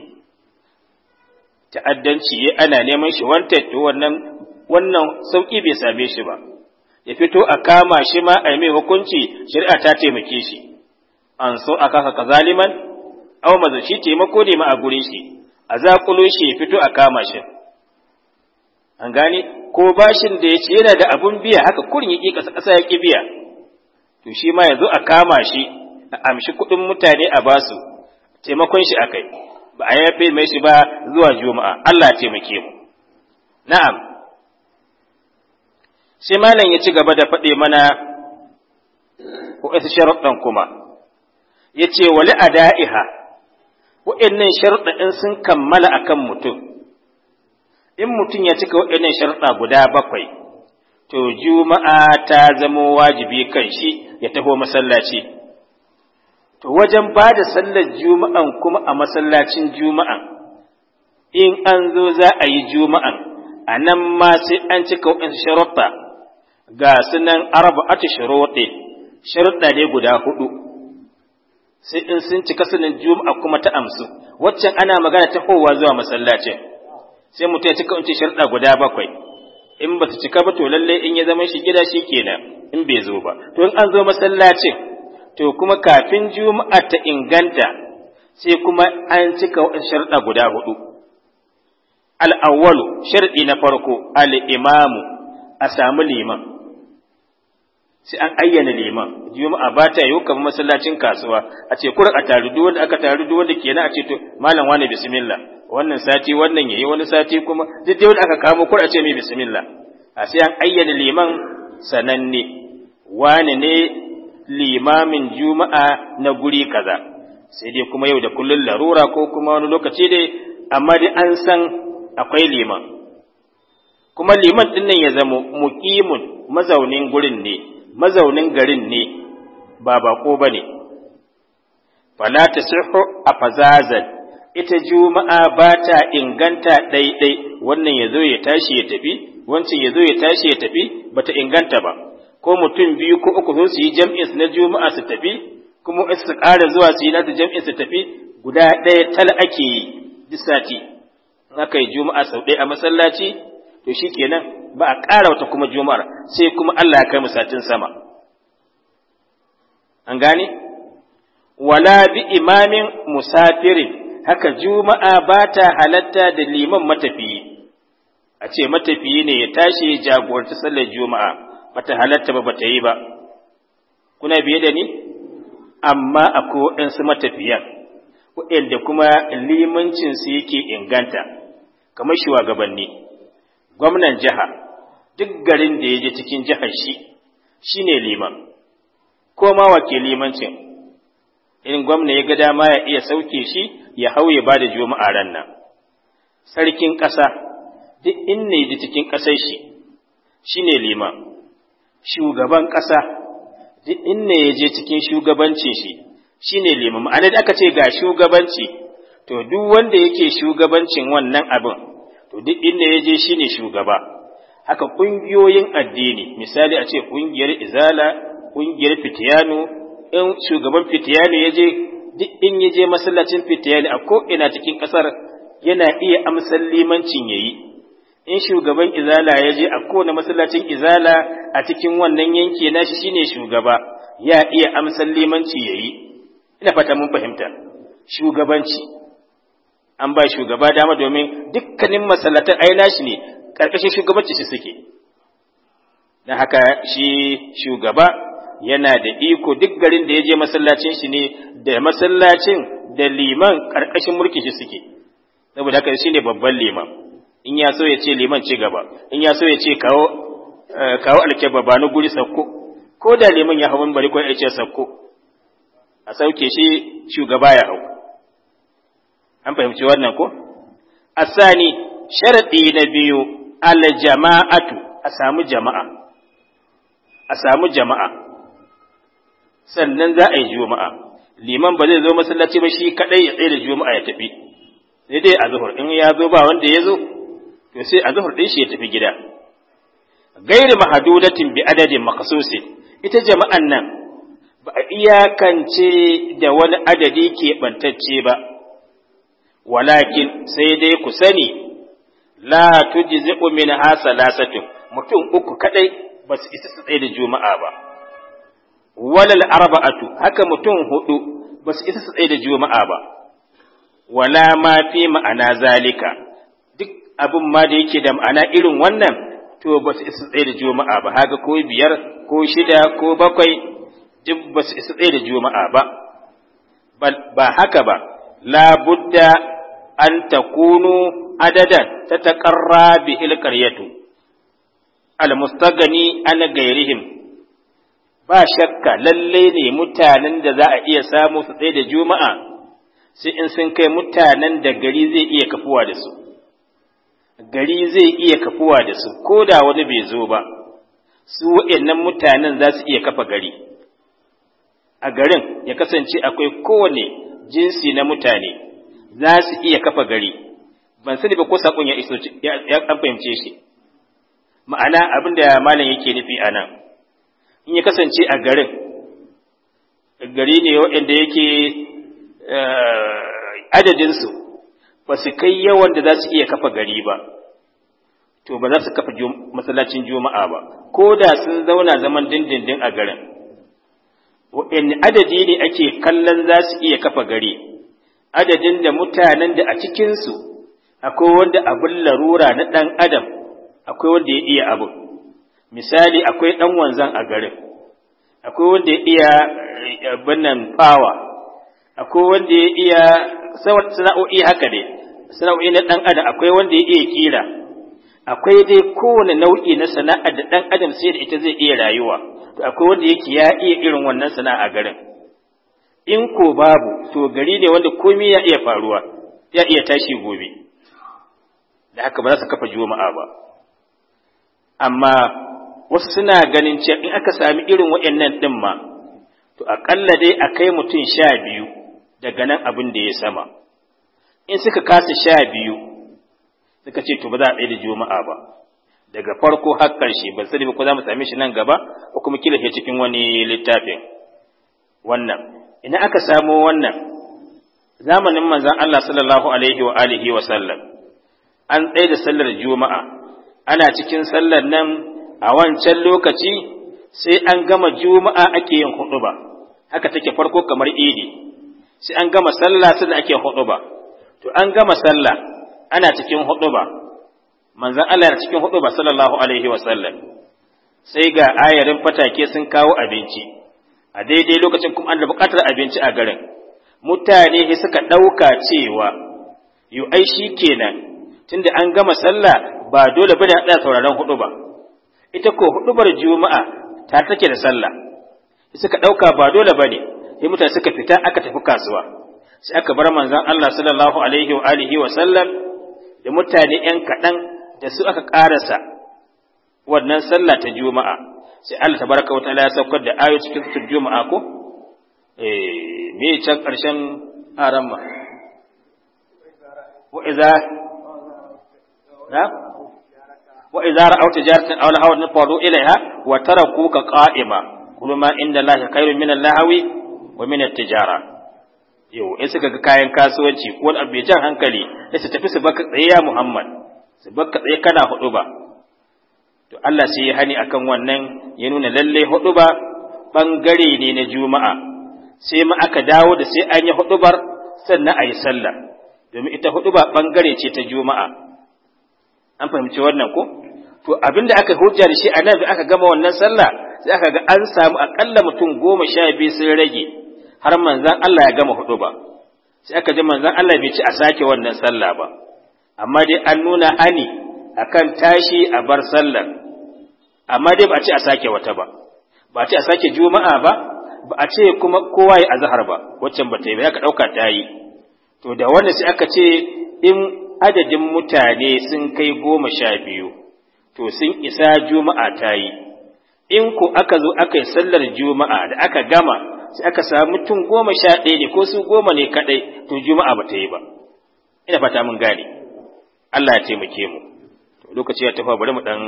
ta'addanci ye ana neman shi wanted to wannan wannan sauki bai same shi ba ya fito a kama shi ma a yi mai hukunci shari'a ta taimake shi an so a kaka ka zaliman aw mazashi taimako ne ma a gurin shi a zakulo shi ya fito a kama shi an gane ko bashin da ya ce yana da abun biya haka kurin ya ƙasa ƙasa ya ƙi biya to shi ma yanzu a kama shi a amshi kuɗin mutane a basu taimakon shi akai ba a yafe mai shi ba zuwa juma'a Allah taimake mu na'am sai malam ya ci gaba da faɗe mana ko wasu sharuɗan kuma ya ce wali a da'iha wa'annan sharuɗa in sun kammala akan mutum in mutum ya cika waɗannan sharɗa guda bakwai to juma'a ta zama wajibi kan shi ya taho masallaci to wajen ba da sallar juma'an kuma a masallacin juma'an in an zo za a yi juma'an a nan ma sai an cika waɗansu sharuɗa ga sunan arba'atu shuruɗi sharuɗa ne guda hudu sai in sun cika sunan juma'a kuma ta amsu waccan ana magana tahowa zuwa masallacin sai mutum ya cika wancan sharɗa guda bakwai in ba su cika ba to lalle in ya zama shi gida shi kenan in bai zo ba to in an zo masallacin to kuma kafin juma'a ta inganta sai kuma an cika sharɗa guda hudu al'awwalu sharɗi na farko imamu a samu liman sai an ayyana liman juma'a ba ta yiwu kamar masallacin kasuwa a ce kura a taru wanda aka taru wanda kenan a ce to malam wani bismillah wannan sati wannan yayi wani sati kuma duk dai wanda aka kamo kur a ce mai bismillah a sai an ayyana liman sananne wani ne limamin juma'a na guri kaza sai dai kuma yau da kullun larura ko kuma wani lokaci dai amma dai an san akwai liman kuma liman din nan ya zama muqimun mazaunin gurin ne mazaunin garin ne ba bako bane fala tasihu afazazat ita juma'a ba ta inganta ɗaiɗai wannan ya zo ya tashi ya tafi wancan ya zo ya tashi ya tafi ba ta inganta ba ko mutum biyu ko uku sun su yi jam'is na juma'a su tafi kuma wasu su ƙara zuwa su yi nasu jam'is su tafi guda ɗaya tal ake yi duk sati in yi juma'a sau ɗaya a masallaci to shi kenan ba a ƙara wata kuma juma'ar sai kuma Allah ya kai mu satin sama an gane wala bi imamin musafirin haka juma'a ba ta halatta da liman matafiyi a ce matafiyi ne ya tashi ya jagoranci sallar juma'a ba ta halatta ba ba ta yi ba kuna biye da ni amma akwai waɗansu matafiyan waɗanda kuma limancinsu yake inganta kamar shugabanni gwamnan jiha duk garin da ya je cikin jihar shi shine liman ko ma wake limancin in gwamna ya ga dama ya iya sauke shi ya hauye ba da juma'a ran nan sarkin ƙasa duk inda yi cikin ƙasar shi shine liman shugaban ƙasa duk inda ya je cikin shugabancin shi shine liman ma'ana da aka ce ga shugabanci to duk wanda yake shugabancin wannan abin to duk inda ya je shine shugaba haka ƙungiyoyin addini misali a ce ƙungiyar izala ƙungiyar fitiyano in shugaban fitiyanu ya je duk in ya je masallacin fitiyali a ko'ina cikin ƙasar yana iya amsar limancin ya yi, in shugaban izala ya je a kowane masallacin izala a cikin wannan yanki na shi shine shugaba ya iya amsar limanci ya yi, ina fata mun fahimta, shugabanci. An ba shugaba dama domin dukkanin masallatan ai nashi ne ƙarƙashin shugabanci shi suke. Na haka shi shugaba yana da iko duk garin da ya je masallacin shi ne da masallacin da liman ƙarƙashin mulkin shi suke saboda haka shi ne babban liman in ya so ya ce liman ci gaba in ya so ya ce kawo eh, kawo alkeba ba guri sakko ko da liman ya hau bari ko ya ce sakko a sauke shi shugaba ya hau an fahimci wannan ko asani sharadi na biyu al jama'atu a samu jama'a a samu jama'a sannan za a yi juma'a liman ba zai zo masallaci ba shi kadai ya tsaye da juma'a ya tafi sai dai zuhur in ya zo ba wanda ya zo to sai zuhur din shi ya tafi gida gairu mahdudatin bi adadin maqsusin ita jama'an nan ba a iyakance da wani adadi ke bantacce ba walakin sai dai ku sani la tujzi'u min salasatun mutum uku kadai ba su isa su tsaye da juma'a ba walal arba'atu haka mutum hudu ba su isa su tsaye da juma'a ba wala ma fi ma'ana zalika duk abin ma da yake da ma'ana irin wannan to ba su isa tsaye da juma'a ba haka ko biyar ko shida ko bakwai duk ba su isa tsaye da juma'a ba ba haka ba la budda an takunu adadan ta taqarra bi ilkaryatu al-mustagani an gairihim ba shakka lallai ne mutanen da za a iya samu su tsaye da juma'a sai in sun kai mutanen da gari zai iya kafuwa da su gari zai iya kafuwa da su ko da wani bai zo ba su wayannan mutanen za su iya kafa gari a garin ya kasance akwai kowane jinsi na mutane za su iya kafa gari ban sani ba ko saƙon ya iso ya fahimce shi ma'ana abin da malam yake nufi a nan in ya kasance a garin gari ne waɗanda yake eh, adadinsu ba su kai yawan da za su iya kafa gari ba to ba za su kafa masallacin juma'a ba ko da sun zauna zaman dindindin a garin waɗanne adadi ne ake kallon za su iya kafa gari adadin da mutanen da a cikinsu akwai wanda abin larura na ɗan adam akwai wanda ya iya abin misali akwai ɗan wanzan a garin akwai wanda ya iya eh, bannan fawa akwai wanda ya iya sana'o'i haka dai sana'o'i na ɗan adam akwai wanda ya iya kira akwai dai kowane nau'i na sana'a da ɗan adam sai da ita zai iya rayuwa to akwai wanda yake ya iya irin wannan sana'a garin in ko babu to gari ne wanda komai ya iya faruwa ya iya tashi gobe da haka ba za su kafa juma'a ba amma wasu suna ganin cewa in aka sami irin waɗannan ɗin ma to aƙalla dai a kai mutum sha biyu daga nan abin da ya sama in suka kasa sha biyu suka ce to ba za a tsaye da juma'a ba daga farko har ƙarshe ban sani ba ko za mu sami shi nan gaba ko kuma kila shi cikin wani littafin wannan ina aka samo wannan zamanin manzon Allah sallallahu alaihi wa alihi wa sallam an tsaye da sallar juma'a ana cikin sallar nan a wancan lokaci sai an gama juma'a ake yin huɗuba haka take farko kamar idi sai an gama sallah sai ake huɗuba to an gama sallah ana cikin huɗuba manzon Allah yana cikin huɗuba sallallahu alaihi wa sallam sai ga ayarin fatake sun kawo abinci a daidai lokacin kuma an da buƙatar abinci a garin mutane suka ɗauka cewa yu aishi kenan tunda an gama sallah ba dole bane a tsaya sauraron huɗuba ba ita ko huɗubar juma'a ta take da sallah suka ɗauka ba dole ba ne sai mutane suka fita aka tafi kasuwa sai aka bar manzon Allah sallallahu alaihi wa alihi wa sallam da mutane ‘yan kaɗan da su aka ƙarasa wannan sallah ta juma'a sai Allah tabaraka wa ta'ala ya saukar da ayo cikin sura juma'a ko eh me can ƙarshen wa na wa idza ra'aw tijaratan aw lahawan fadu ilaiha wa tarakuka qa'ima kullu ma inda lahi khairun min al-lahawi wa min at-tijara yau in suka ga kayan kasuwanci ko al-abijan hankali sai su tafi su baka tsaye ya Muhammad su baka tsaye kana hudu ba to Allah sai ya hani akan wannan ya nuna lalle hudu ba bangare ne na juma'a sai ma aka dawo da sai an yi hudubar sannan a yi sallah domin ita hudu ba bangare ce ta juma'a an fahimci wannan ko to abinda aka hujja da shi a nan aka gama wannan sallah sai aka ga an samu akalla mutum goma sha biyu sun rage har manzan Allah ya gama hudu ba sai aka ji manzan Allah bai ci a sake wannan sallah ba amma dai an nuna ani akan tashi a bar sallar amma dai ba a ci a sake wata ba ba a ci a sake juma'a ba ba a ce kuma kowa ya azhar ba waccan ba ta yi ba ya ka ɗauka ta yi to da wannan sai aka ce in adadin mutane sun kai goma sha biyu, to sun isa juma'a ta yi, in ku aka zo aka yi sallar juma'a da aka gama, sai aka samu mutum goma sha ɗaya ne ko su goma ne kaɗai, to juma'a ba ta yi ba. Ina fata mun gane, Allah ya taimake mu. Lokaci ya tafa bari mu ɗan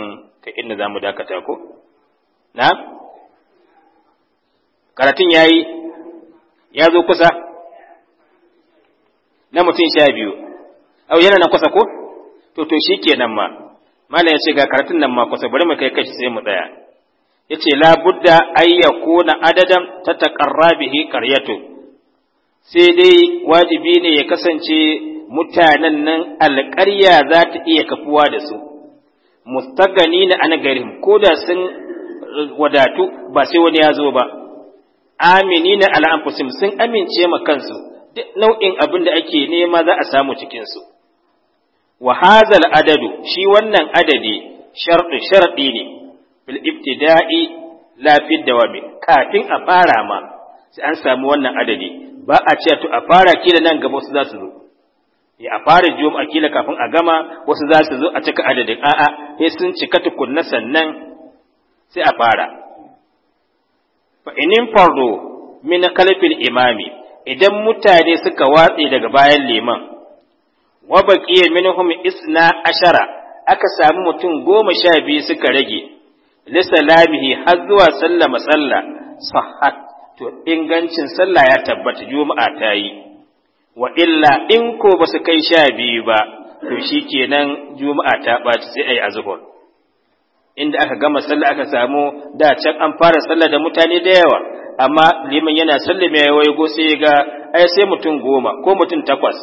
ka inda za mu dakata ko? Na? Karatun ya yi, ya zo kusa, na mutum sha biyu. au yana nan kwasa ko to to shikenan ma malam ya ga karatun nan ma kwasa, bari mu kai kashi sai mu tsaya yace la budda ay yakuna adadan ta bihi qaryatu sai dai wajibi ne ya kasance mutanen nan alƙarya za ta iya kafuwa da su mustagani na an garin ko da sun wadatu ba sai wani ya zo ba amini na al'amfusim sun amince ma kansu duk nau'in abin da ake nema za a samu cikinsu wa hazal adadu shi wannan adadi shartu sharɗi ne bil ibtida'i la fi dawami kafin a fara ma sai an samu wannan adadi ba a ce to a fara kila nan gaba wasu za su zo ya a fara jom a kila kafin a gama wasu za su zo a cika adadin a'a sai sun cika tukunna sannan sai a fara fa inin fardo min kalfin imami idan mutane suka watse daga bayan liman wa baqiya minhum isna ashara aka samu mutum goma sha biyu suka rage lisa har zuwa sallama sallah sahat to ingancin sallah ya tabbata juma'a ta yi wa illa in ko ba su kai sha biyu ba to shi kenan juma'a ta ɓaci sai ayi azhur inda aka gama sallah aka samu da can an fara sallah da mutane da yawa amma liman yana sallame ya waigo sai ga ai sai mutum goma ko mutum takwas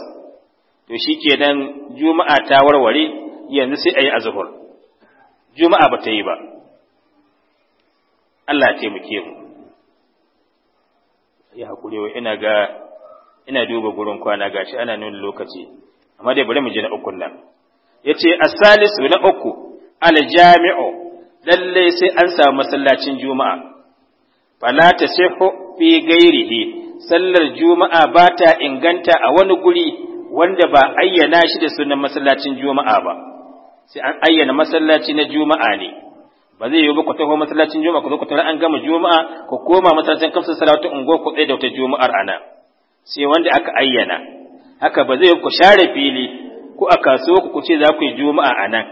to shi ke nan juma'a ta warware yanzu sai a yi azuhur juma'a ba ta yi ba Allah taimake mu ya hakuri ina ga ina duba gurin kwana gashi ana nuna lokaci amma dai bari mu ji na ukun nan yace as-salisu na uku al-jami'u lalle sai an samu masallacin juma'a fala ta sihu fi gairihi sallar juma'a ba ta inganta a wani guri wanda ba ayyana shi da sunan masallacin juma'a ba sai an ayyana masallaci na juma'a ne ba zai yi ba ku taho masallacin juma'a ku zo ku an gama juma'a ku koma masallacin kafsa salatu ungo ku tsaye da wata juma'ar ana sai wanda aka ayyana haka ba zai ku share fili ko a kasuwa ku ce za ku yi juma'a anan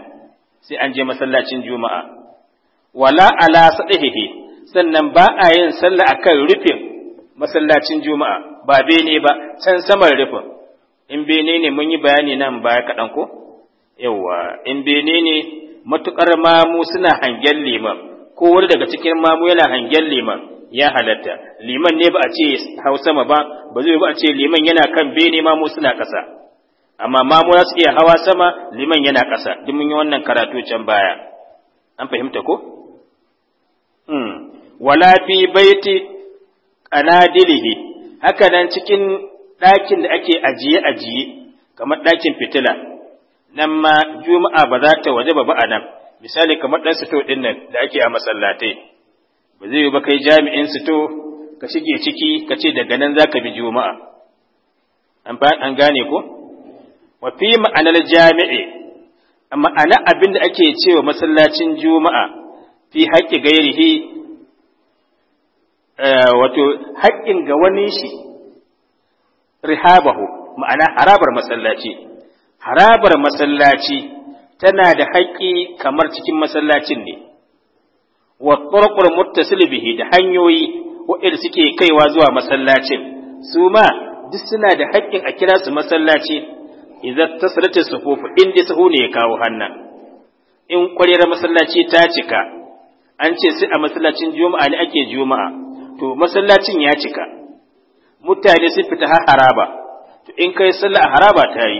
sai an je masallacin juma'a wala ala sadihihi sannan ba a yin sallah akan rufin masallacin juma'a ba bene ba can saman rufin in bene ne mun yi bayani nan baya kaɗan ko yawa in bene ne matuƙar mamu suna hangen liman ko wani daga cikin mamu yana hangen liman ya halatta liman ne ba a ce hau sama ba ba zai ba a ce liman yana kan bene mamu suna ƙasa amma mamu za su iya hawa sama liman yana ƙasa duk mun yi wannan karatu can baya an fahimta ko hmm. wala fi baiti anadilihi haka nan cikin ɗakin da ake ajiye ajiye kamar ɗakin fitila nan ma juma'a ba za ta waje ba ba a nan misali kamar ɗan sito ɗin nan da ake a masallatai ba zai yi ba kai jami'in sito ka shige ciki ka ce daga nan za ka bi juma'a an gane ko wa fi ma'anar jami'i ma'ana abin da ake cewa masallacin juma'a fi haƙƙi gairihi eh, wato haƙƙin ga wani shi rihabahu ma'ana harabar masallaci harabar masallaci tana da haƙƙi kamar cikin masallacin ne wa tsarkul muttasil bihi da hanyoyi waɗanda suke kaiwa zuwa masallacin su ma duk suna da haƙƙin a kira su masallaci idan tasirata su in inda sahu ne ya kawo hanna in ƙwarewar masallaci ta cika an ce sai a masallacin juma'a ne ake juma'a to masallacin ya cika mutane sun fita har haraba to in kai sallah a haraba ta yi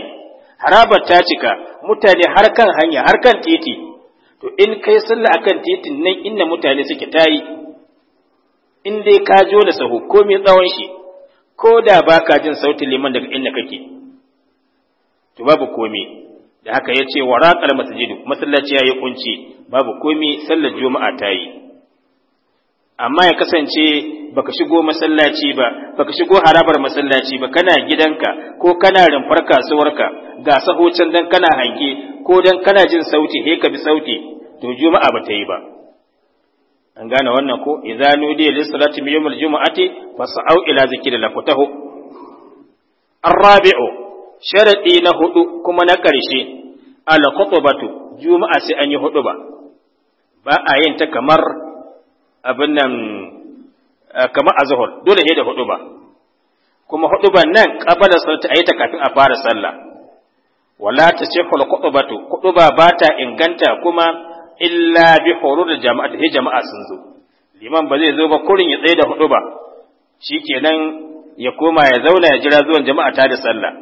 haraba ta cika mutane har kan hanya har kan titi to in kai sallah akan titin nan inda mutane suke ta yi in dai ka jo da sahu ko mai tsawon shi ko da baka jin sautin liman daga inda kake to babu komai da haka ya ce wa raƙar masallaci ya yi kunci babu komai sallar juma'a ta yi amma ya kasance baka shigo masallaci ba baka shigo harabar masallaci ba kana gidanka ko kana rumfar kasuwarka ga sahocin dan kana hange ko dan kana jin sauti he ka bi sauti to juma'a ba ta yi ba an gane wannan ko idza nudi lis salati min yawmil fas'au ila zikri la futahu rabiu sharadi na hudu kuma na karshe al-khutbatu juma'a sai an yi hudu ba ba a yin ta kamar abin nan eh, kamar a zuhur dole ne da hudu ba kuma hudu ban nan kabala a ayi ta kafin a fara sallah wala ta ce khulqubatu khutba ba ta inganta kuma illa bi hurur jama'a he jama'a sun zo liman ba zai zo ba kurin ya tsaye da hudu ba shikenan ya koma ya zauna ya jira zuwan jama'a ta da sallah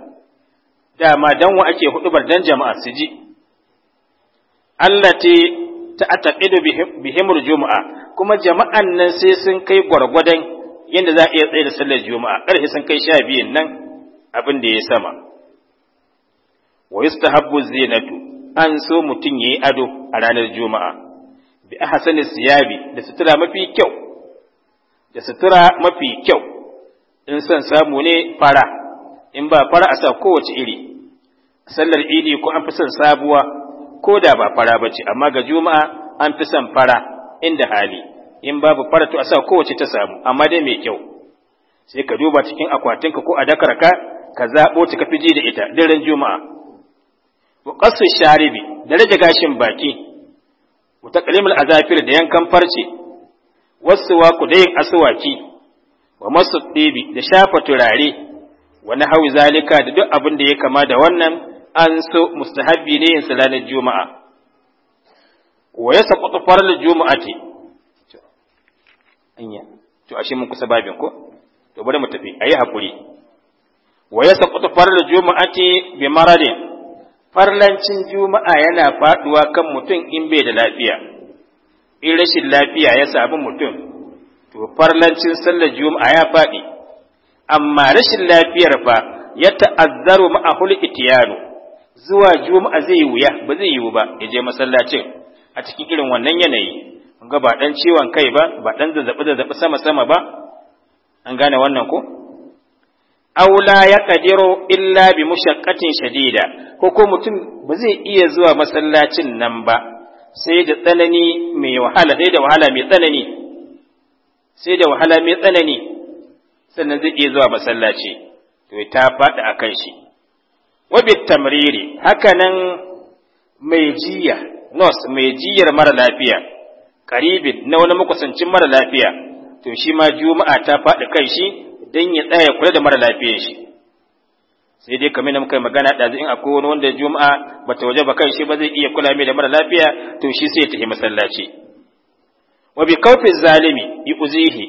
dama dan wa ake hudubar dan jama'a su ji allati ta ataqidu bihimul juma'a kuma jama'an nan sai sun kai gwargwadon yadda za a iya tsaye da sallar juma'a karshe sun kai sha biyun nan abin da ya sama wa yustahabbu zinatu an so mutum yayi ado a ranar juma'a bi ahsani siyabi da sutura mafi kyau da sutura mafi kyau in san samu ne fara in ba fara a sa kowace iri sallar idi ko an fi son sabuwa ko da ba fara ba ce amma ga juma'a an fi son fara inda hali in babu fara to a sa kowace ta samu amma dai mai kyau sai ka duba cikin akwatinka ko a dakar ka zaɓo ta kafi ji da ita daren juma'a wa qasu sharibi daraja gashin baki wa a azafir da yankan farce wasu wa yin asuwaki wa masu ɗibi da shafa turare wani hau zalika da duk abin da ya kama da wannan an so mustahabbi ne yin ranar juma'a wa ya saƙwato farar juma'a ce anya to ashe mun kusa babin ko to bari mu tafi ayi hakuri wa ya saƙwato farar juma'a ce bi maradin farlancin juma'a yana faɗuwa kan mutum in bai da lafiya in rashin lafiya ya samu mutum to farlancin sallar juma'a ya faɗi amma rashin lafiyar fa ya ta'azzaru ma'ahul itiyanu zuwa juma'a zai wuya ba zai yiwu ba ya je masallacin a cikin irin wannan yanayi ga ba dan ciwon kai ba ba dan zazzabi zazzabi sama sama ba an gane wannan ko Aula ya yaqdiru illa bi mushaqqatin shadida ko ko mutum ba zai iya zuwa masallacin nan ba sai da tsanani mai wahala sai da wahala mai tsanani sai da wahala mai tsanani sannan zai iya zuwa masallaci to ta faɗi akan shi wabit tamriri hakanan mai jiya nos mai jiyar mara lafiya karibin na wani makusancin mara lafiya to shi ma juma'a ta faɗi kai shi don ya tsaya kula da mara lafiyar shi sai dai kamar muka magana ɗazu in akwai wani wanda juma'a bata waje ba kai shi ba zai iya kula mai da mara lafiya to shi sai ya tafi masallaci wa bi kaufi zalimi yuzihi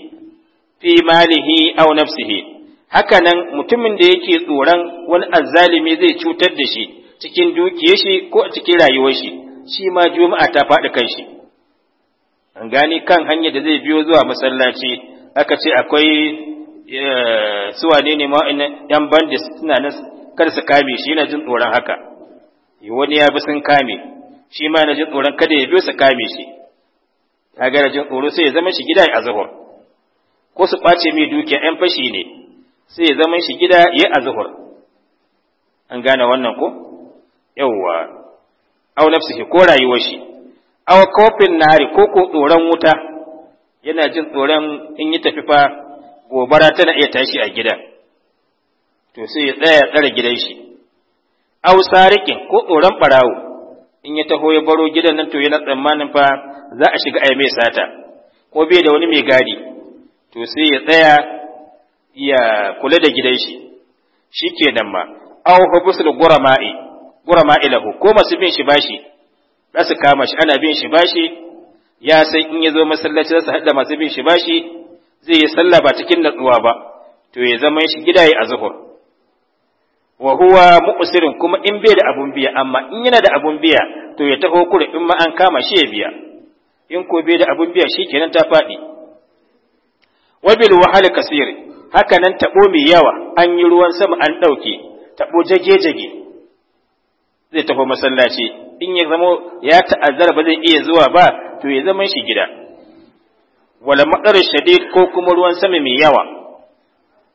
fi malihi aw nafsihi Haka nan, mutumin da yake tsoron wani azzalimi zai cutar da shi cikin dukiyar shi ko a cikin rayuwar shi shi ma juma'a ta faɗi kan shi an gani kan hanyar da zai biyo zuwa masallaci aka ce akwai eh, suwa ne ma yan bandis suna nan kar su kame shi yana jin tsoron haka wani ya bi sun kame shi ma yana jin tsoron kada ya biyo su kame shi gara jin tsoro sai ya zama shi gida a zuhur ko su ɓace mai dukiya yan fashi ne sai ya zama shi gida ya azhur an gane wannan ko Au aw nafsihi ko rayuwar shi aw kofin nari ko ko tsoron wuta yana jin tsoron in yi tafi fa gobara tana iya tashi a gida to sai ya tsaya tsare gidan shi aw sarikin ko tsoron barawo in ya taho ya baro gidan nan to yana tsammanin fa za a shiga ai mai sata ko bai da wani mai gadi to sai ya tsaya ya kula da gidan shi Shi kenan ma aw busul gurama'i gurama'i lahu ko masu bin shi bashi za su kama shi ana bin shi bashi ya san in ya zo masallaci za su haɗa masu bin shi bashi zai yi sallah ba cikin natsuwa ba to ya zama shi gidaye a zuhur wa huwa mu'sirin kuma in bai da abun biya amma in yana da abun biya to ya taho kure in ma an kama shi ya biya in ko bai da abun biya kenan ta faɗi wabil wahal kasiri haka nan taɓo mai yawa an yi ruwan sama an ɗauke taɓo jage-jage zai tafi masallaci in ya zama ya ta'azzara ba zai iya zuwa ba to ya zama shi gida wala maɗar shade ko kuma ruwan sama mai yawa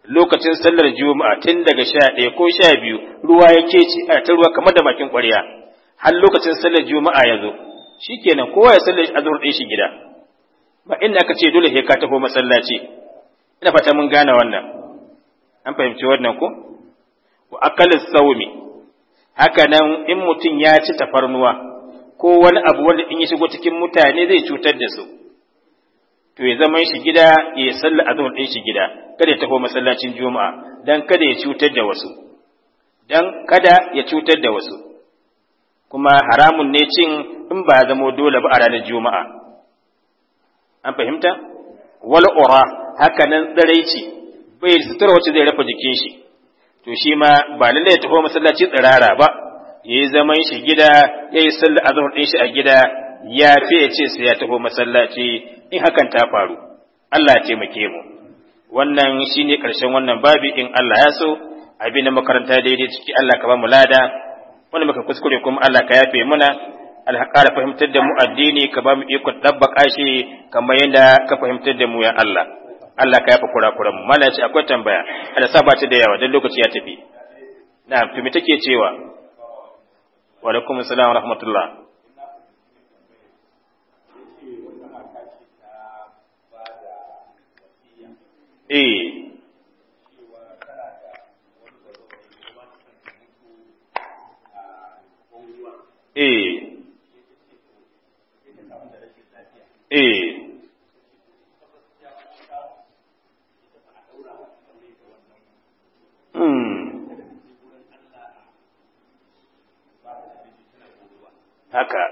lokacin sallar juma'a tun daga sha ɗaya ko sha biyu ruwa ya kece a ta ruwa kamar da bakin ƙwarya har lokacin sallar juma'a ya zo shikenan kowa ya sallar azhur shi gida ba inda aka ce dole sai ka tafi masallaci ina fata mun gane wannan an fahimci wannan ko wa akalis saumi haka nan in mutum ya ci tafarnuwa ko wani abu wanda in ya shigo cikin mutane zai cutar da su to ya zama shi gida ya salla azhar din shi gida kada ya tafi masallacin juma'a dan kada ya cutar da wasu dan kada ya cutar da wasu kuma haramun ne cin in ba zamo dole ba a ranar juma'a an fahimta wal ura haka nan tsiraici bai da sutura wacce zai rufe jikin shi to shi ma ba lallai ya tafi masallaci tsirara ba ya yi zaman shi gida ya yi sallar azhar ɗin shi a gida ya fi ya ce sai ya tafi masallaci in hakan ta faru Allah ya taimake mu wannan shine karshen wannan babi in Allah ya so abin da makaranta daidai ciki Allah ka ba mu lada wanda muka kuskure kuma Allah ka yafe muna alhaƙara fahimtar da mu addini ka ba mu ikon ɗabbaƙa shi kamar yadda ka fahimtar da mu ya Allah. Allah ka yafa kurakuran mu mallan akwai tambaya Allah sa ta da yawa dan lokaci ya tafi na'am to me take cewa wa alaikum assalam wa rahmatullah eh eh eh haka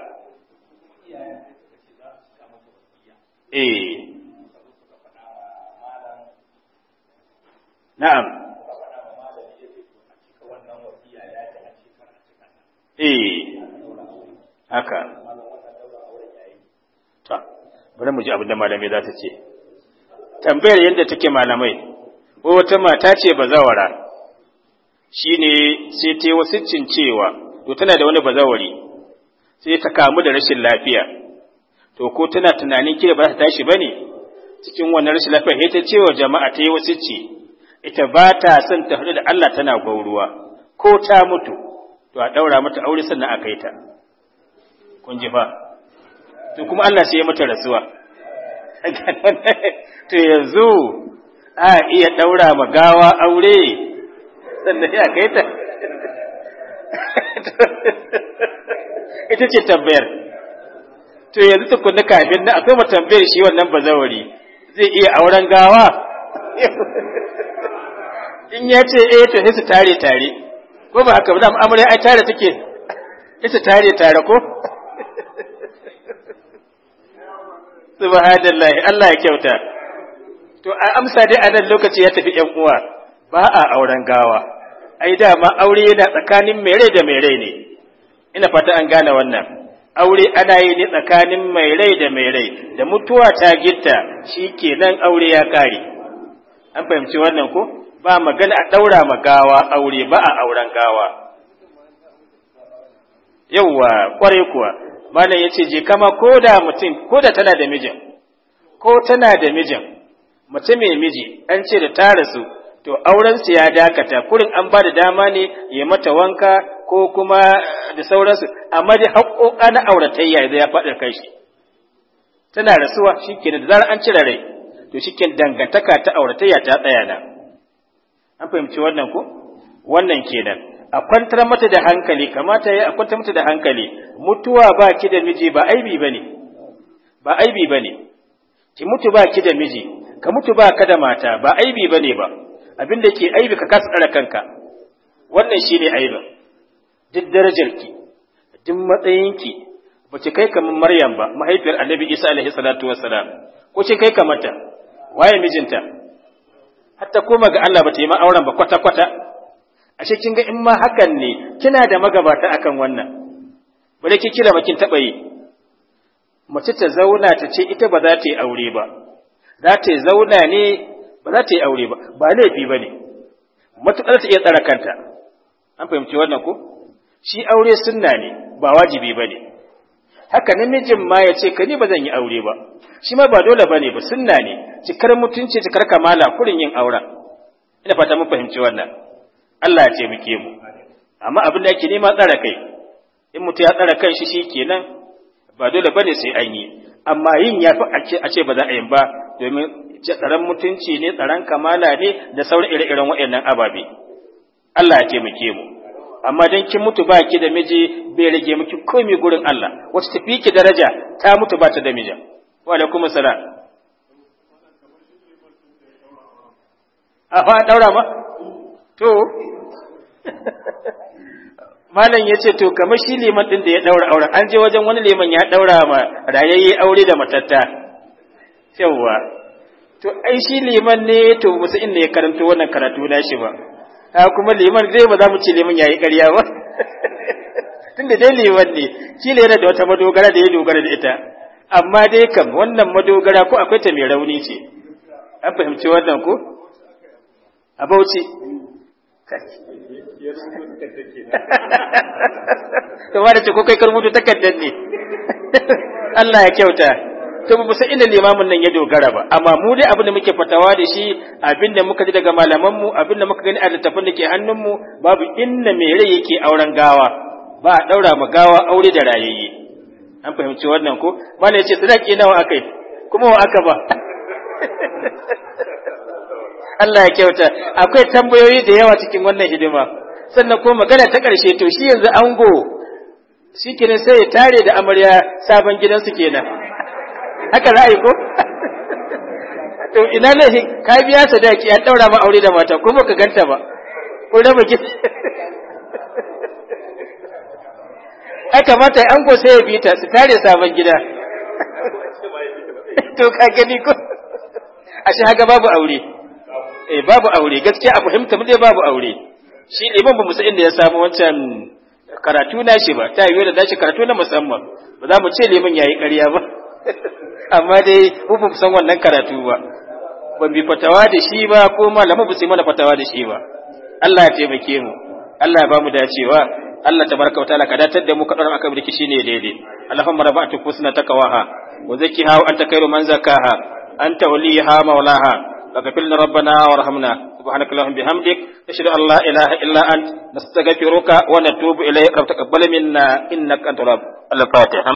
eh na'am eh haka ta bari mu ji abin da malamai za ta ce tambayar yadda take malamai ko wata mata ce bazawara shine sai ta yi wasu cewa to tana da wani bazawari sai ta kamu da rashin lafiya to ko tana tunanin kira ba za ta tashi bane cikin wannan rashin lafiya sai ta ce wa jama'a ta yi wasu ci. ita ba ta son ta hudu da Allah tana gauruwa, ko ta mutu to a daura mata aure sannan a kai ta kun ji fa to kuma Allah sai ya mata rasuwa to yanzu a iya daura ma gawa aure sannan ya kai ta ita ce tambayar to yanzu tukunna kafin na akwai tambayar shi wannan bazawari zai iya auren gawa in ya ce eh to hisu su tare tare ko ba haka ba amurai ai tare take hisu tare tare ko subhanallahi Allah ya kyauta to a amsa dai a nan lokaci ya tafi yan uwa ba a auren gawa ai dama aure yana tsakanin mere da mere ne ina fata an gane wannan aure ana yi ne tsakanin mai rai da mai rai da mutuwa ta gitta shi kenan aure ya kare an fahimci wannan ko ba magana a ɗaura ma gawa aure ba a auren gawa yauwa kwarai kuwa malam ya ce je kama ko da mutum ko da tana da mijin ko tana da mijin mutum mai miji an ce da ta rasu to aurensu ya dakata kurin an ba da dama ne ya mata wanka ko kuma da sauransu amma dai haƙoƙa na auratayya da ya faɗi kai shi tana rasuwa shikenan da zarar an cire rai to shiken dangantaka ta auratayya ta tsaya na an fahimci wannan ko wannan kenan a kwantar mata da hankali kamata ya a kwantar mata da hankali mutuwa ba ki da miji ba aibi bane ba aibi bane ki mutu ba ki da miji ka mutu ba ka da mata ba aibi bane ba abinda ke aibi ka kasa tsara kanka wannan shine aibin duk darajarki duk matsayinki ba ki kai kamar Maryam ba mahaifiyar Annabi Isa alaihi salatu wassalam ko kin kai kamar ta waye mijinta hatta koma ga Allah ba ta yi ma auren ba kwata kwata ashe kin ga in ma hakan ne kina da magabata akan wannan bare ki kira bakin taba yi mace ta zauna ta ce ita ba za ta yi aure ba za ta zauna ne ba za ta yi aure ba ba laifi ba ne matuƙar ta iya tsara kanta an fahimci wannan ko shi aure sunna ne ba wajibi ba ne haka namijin ma ya ce ka ni ba zan yi aure ba shi ma ba dole ba ne ba sunna ne cikar mutunci cikar kamala kurin yin auren ina fata mun fahimci wannan Allah ya taimake mu amma abin da yake nema tsara kai in mutum ya tsara kan shi shikenan ba dole ba ne sai an yi amma yin ya fi a ce ba za a yi ba domin tsaron mutunci ne tsaron kamala ne da sauran ire-iren waɗannan ababe Allah ya taimake mu amma dan kin mutu ba ki da miji bai rage miki komai gurin Allah wata tafi ki daraja ta mutu ba ta da miji wa alaikum assalam a daura ba to malam ya ce to kamar shi liman ɗin da ya daura auren an je wajen wani liman ya ɗaura ma rayayye aure da matatta yawwa to ai shi liman ne to musu inda ya karanta wannan karatu na shi ba a ah, kuma liman zai ba za mu ce liman yayi ƙarya ba da dai liman ne ne yana da wata madogara da ya dogara da ita amma dai kam wannan madogara ko akwai ta mai rauni ce an fahimci wannan ko a bauchi to da ce ko kai karbutu takardar ne Allah ya kyauta to ba san inda limamin nan ya dogara ba amma mu dai abin da muke fatawa da shi abin da muka ji daga malaman mu abin da muka gani a littafin da ke hannun mu babu inda mai rai yake auren gawa ba a daura ma gawa aure da rayayye an fahimci wannan ko mala yace sadaki nawa akai kuma wa aka ba Allah ya kyauta akwai tambayoyi da yawa cikin wannan hidima sannan ko magana ta ƙarshe to shi yanzu ango shi sai ya tare da amarya sabon gidansu kenan haka za a yi ko to ina ne ka biya sadaki an daura ma aure da mata ko baka ganta ba ko raba ki ai mata an ko sai ya bi ta su tare sabon gida to ka gani ko ashe haka babu aure eh babu aure gaskiya a fahimta mu dai babu aure shi liman ba musa inda ya samu wancan karatu na shi ba ta yi da dashi karatu na musamman ba za mu ce liman yayi ƙarya ba amma dai mu ba san wannan karatu ba ban bi fatawa da shi ba ko malaman ba su mana fatawa da shi ba Allah ya taimake mu Allah ya ba mu dacewa Allah ta wa ta'ala ka datar da mu ka dora akan rikici ne daidai Allahumma rabbatu husna taqwaha wa zakkiha wa anta khairu man zakkaha anta waliyaha maulaha فغفر لنا ربنا وارحمنا سبحانك اللهم بحمدك نشهد ان لا اله الا انت نستغفرك ونتوب اليك رب تقبل منا انك انت الوهاب الفاتحه